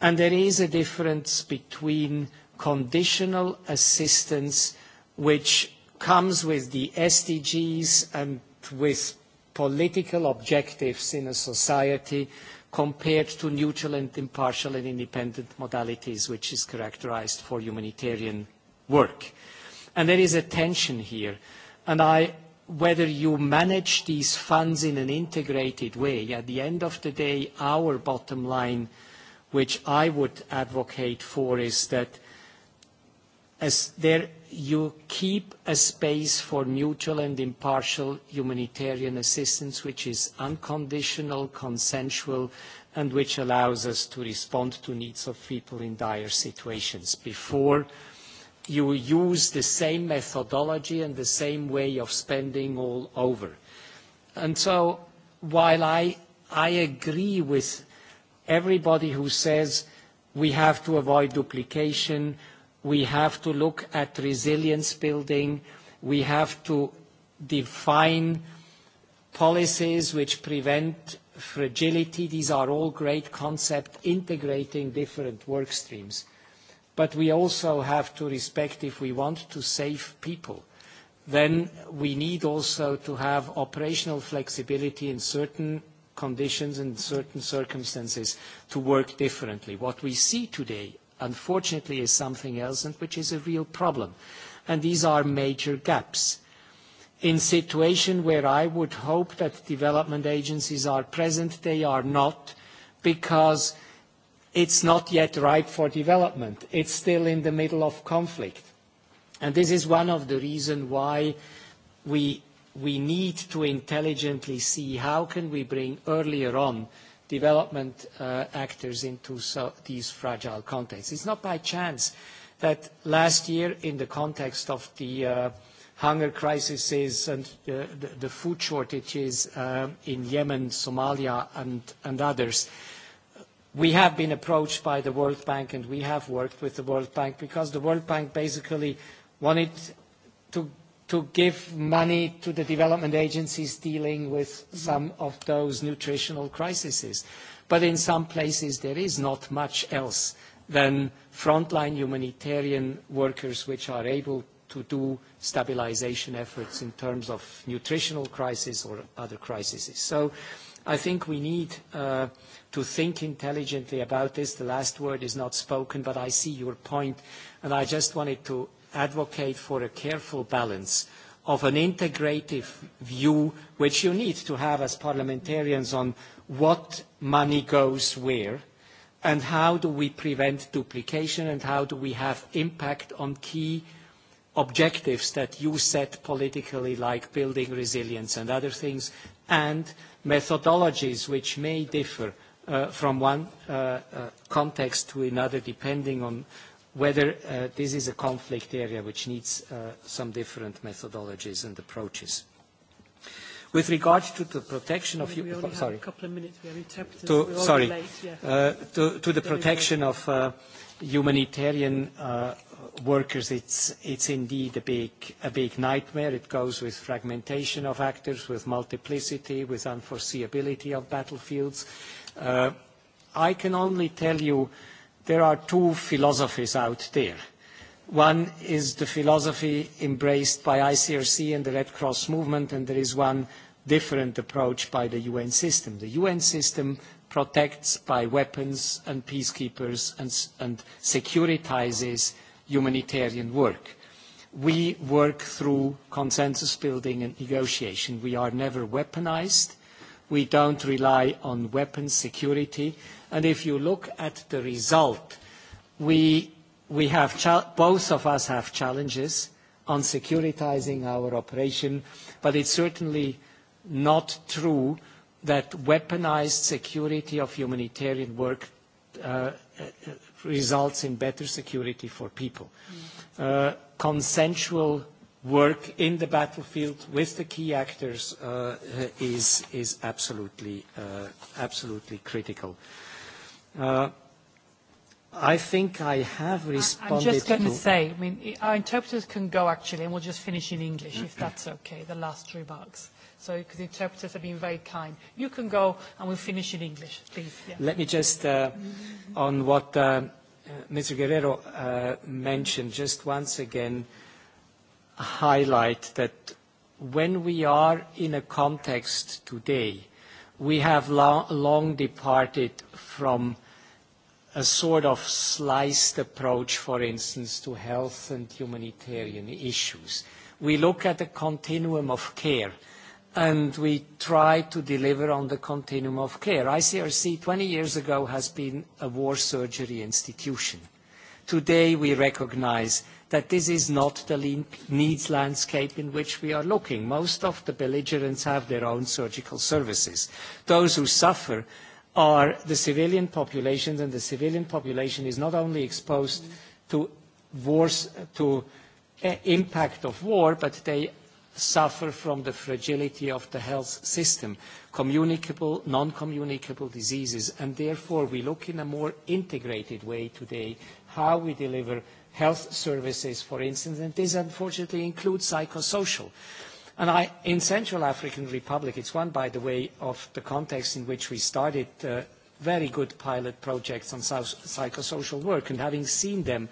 And there is a difference between conditional assistance, which comes with the SDGs and with political objectives in a society, compared to neutral and impartial and independent modalities, which is characterized for humanitarian work. And there is a tension here. And I, whether you manage these funds in an integrated way, at the end of the day, our bottom line, which I would advocate for, is that as there you keep a space for mutual and impartial humanitarian assistance, which is unconditional, consensual, and which allows us to respond to needs of people in dire situations. Before, you use the same methodology and the same way of spending all over. And so while I, I agree with everybody who says we have to avoid duplication, We have to look at resilience building. We have to define policies which prevent fragility. These are all great concepts integrating different work streams. But we also have to respect if we want to save people, then we need also to have operational flexibility in certain conditions and certain circumstances to work differently. What we see today unfortunately is something else and which is a real problem. And these are major gaps. In situation where I would hope that development agencies are present, they are not because it's not yet ripe for development. It's still in the middle of conflict. And this is one of the reasons why we, we need to intelligently see how can we bring earlier on development actors into these fragile contexts. It's not by chance that last year, in the context of the hunger crises and the food shortages in Yemen, Somalia, and others, we have been approached by the World Bank, and we have worked with the World Bank because the World Bank basically wanted to to give money to the development agencies dealing with some of those nutritional crises. But in some places, there is not much else than frontline humanitarian workers which are able to do stabilization efforts in terms of nutritional crisis or other crises. So I think we need uh, to think intelligently about this. The last word is not spoken, but I see your point, and I just wanted to advocate for a careful balance of an integrative view, which you need to have as parliamentarians on what money goes where, and how do we prevent duplication, and how do we have impact on key objectives that you set politically, like building resilience and other things, and methodologies which may differ from one context to another, depending on whether uh, this is a conflict area which needs uh, some different methodologies and approaches. With regard to the protection of human... We only sorry. have a couple of minutes. We have interpreters. To, We're sorry. Late, yeah. uh, to, to the protection of uh, humanitarian uh, workers, it's, it's indeed a big, a big nightmare. It goes with fragmentation of actors, with multiplicity, with unforeseeability of battlefields. Uh, I can only tell you uh, there are two philosophies out there. One is the philosophy embraced by ICRC and the Red Cross movement, and there is one different approach by the UN system. The UN system protects by weapons and peacekeepers and, securitises humanitarian work. We work through consensus building and negotiation. We are never weaponised. We don't rely on weapons security if you look at the result, we have both of us have challenges on securitizing our operation, but it's certainly not true that weaponized security of humanitarian work results in better security for people. Consensual work in the battlefield with the key actors is absolutely critical. I think I have responded to... I'm just going to say, I mean, our interpreters can go actually, and we'll just finish in English if that's okay, the last remarks. So, because interpreters have been very kind. You can go and we'll finish in English, please. Yeah. Let me just, uh, on what uh, Mr. Guerrero uh, mentioned, just once again highlight that when we are in a context today, we have long, long departed from a sort of sliced approach, for instance, to health and humanitarian issues. We look at the continuum of care, and we try to deliver on the continuum of care. ICRC, 20 years ago, has been a war surgery institution. Today, we recognize that this is not the needs landscape in which we are looking. Most of the belligerents have their own surgical services. Those who suffer are the civilian populations, and the civilian population is not only exposed to wars, to impact of war, but they suffer from the fragility of the health system, communicable, non-communicable diseases, and therefore we look in a more integrated way today how we deliver health services, for instance, and this unfortunately includes psychosocial. And I, in Central African Republic, it's one, by the way, of the context in which we started very good pilot projects on psychosocial work, and having seen them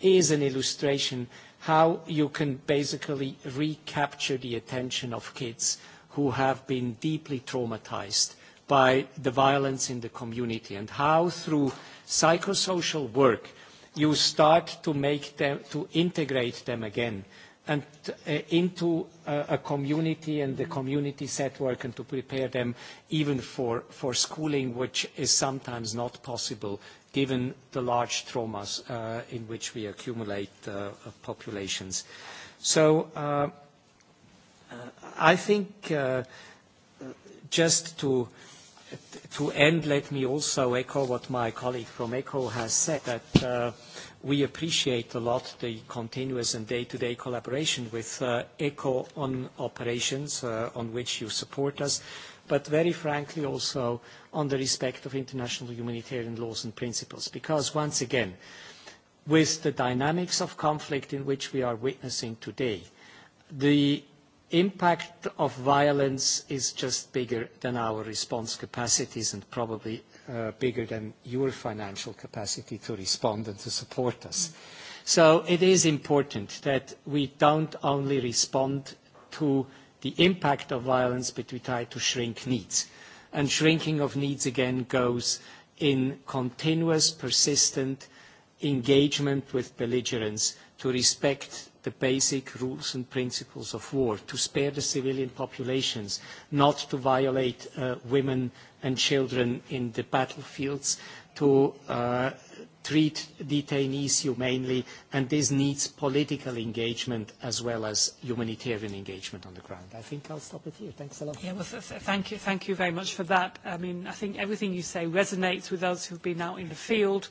is an illustration how you can basically recapture the attention of kids who have been deeply traumatized by the violence in the community, and how through psychosocial work you start to make them, to integrate them again and into a community and the community set work and to prepare them even for, for schooling, which is sometimes not possible given the large traumas in which we accumulate populations. So I think just to end, let me also echo what my colleague from ECHO has said, that we appreciate a lot the continuous and day-to-day collaboration with ECHO on operations, on which you support us, but very frankly also on the respect of international humanitarian laws and principles. Because once again, with the dynamics of conflict in which we are witnessing today, the impact of violence is just bigger than our response capacities and probably bigger than your financial capacity to respond and to support us. So It is important that we don't only respond to the impact of violence, but we try to shrink needs. And Shrinking of needs, again, goes in continuous, persistent engagement with belligerents to respect the basic rules and principles of war, to spare the civilian populations, not to violate women and children in the battlefields to treat detainees humanely, and this needs political engagement as well as humanitarian engagement on the ground. I think I'll stop it here. Thanks a lot. Yeah, well, thank you. Thank you very much for that. I mean, I think everything you say resonates with us who've been out in the field.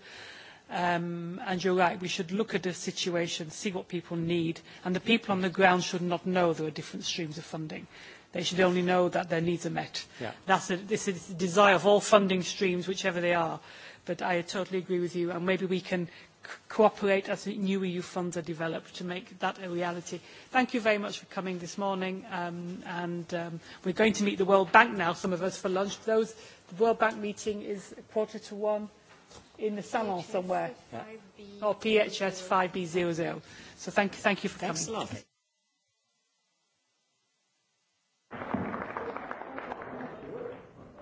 Um, and you're right, we should look at the situation, see what people need, and the people on the ground should not know there are different streams of funding. They should only know that their needs are met. Yeah. That's a, this is the desire of all funding streams, whichever they are. But I totally agree with you, and maybe we can cooperate as new EU funds are developed to make that a reality. Thank you very much for coming this morning. Um, and um, we're going to meet the World Bank now, some of us, for lunch. Those, the World Bank meeting is a quarter to one in the salon somewhere. Or PHS 5B00. So thank, thank you for coming. Thanks a lot.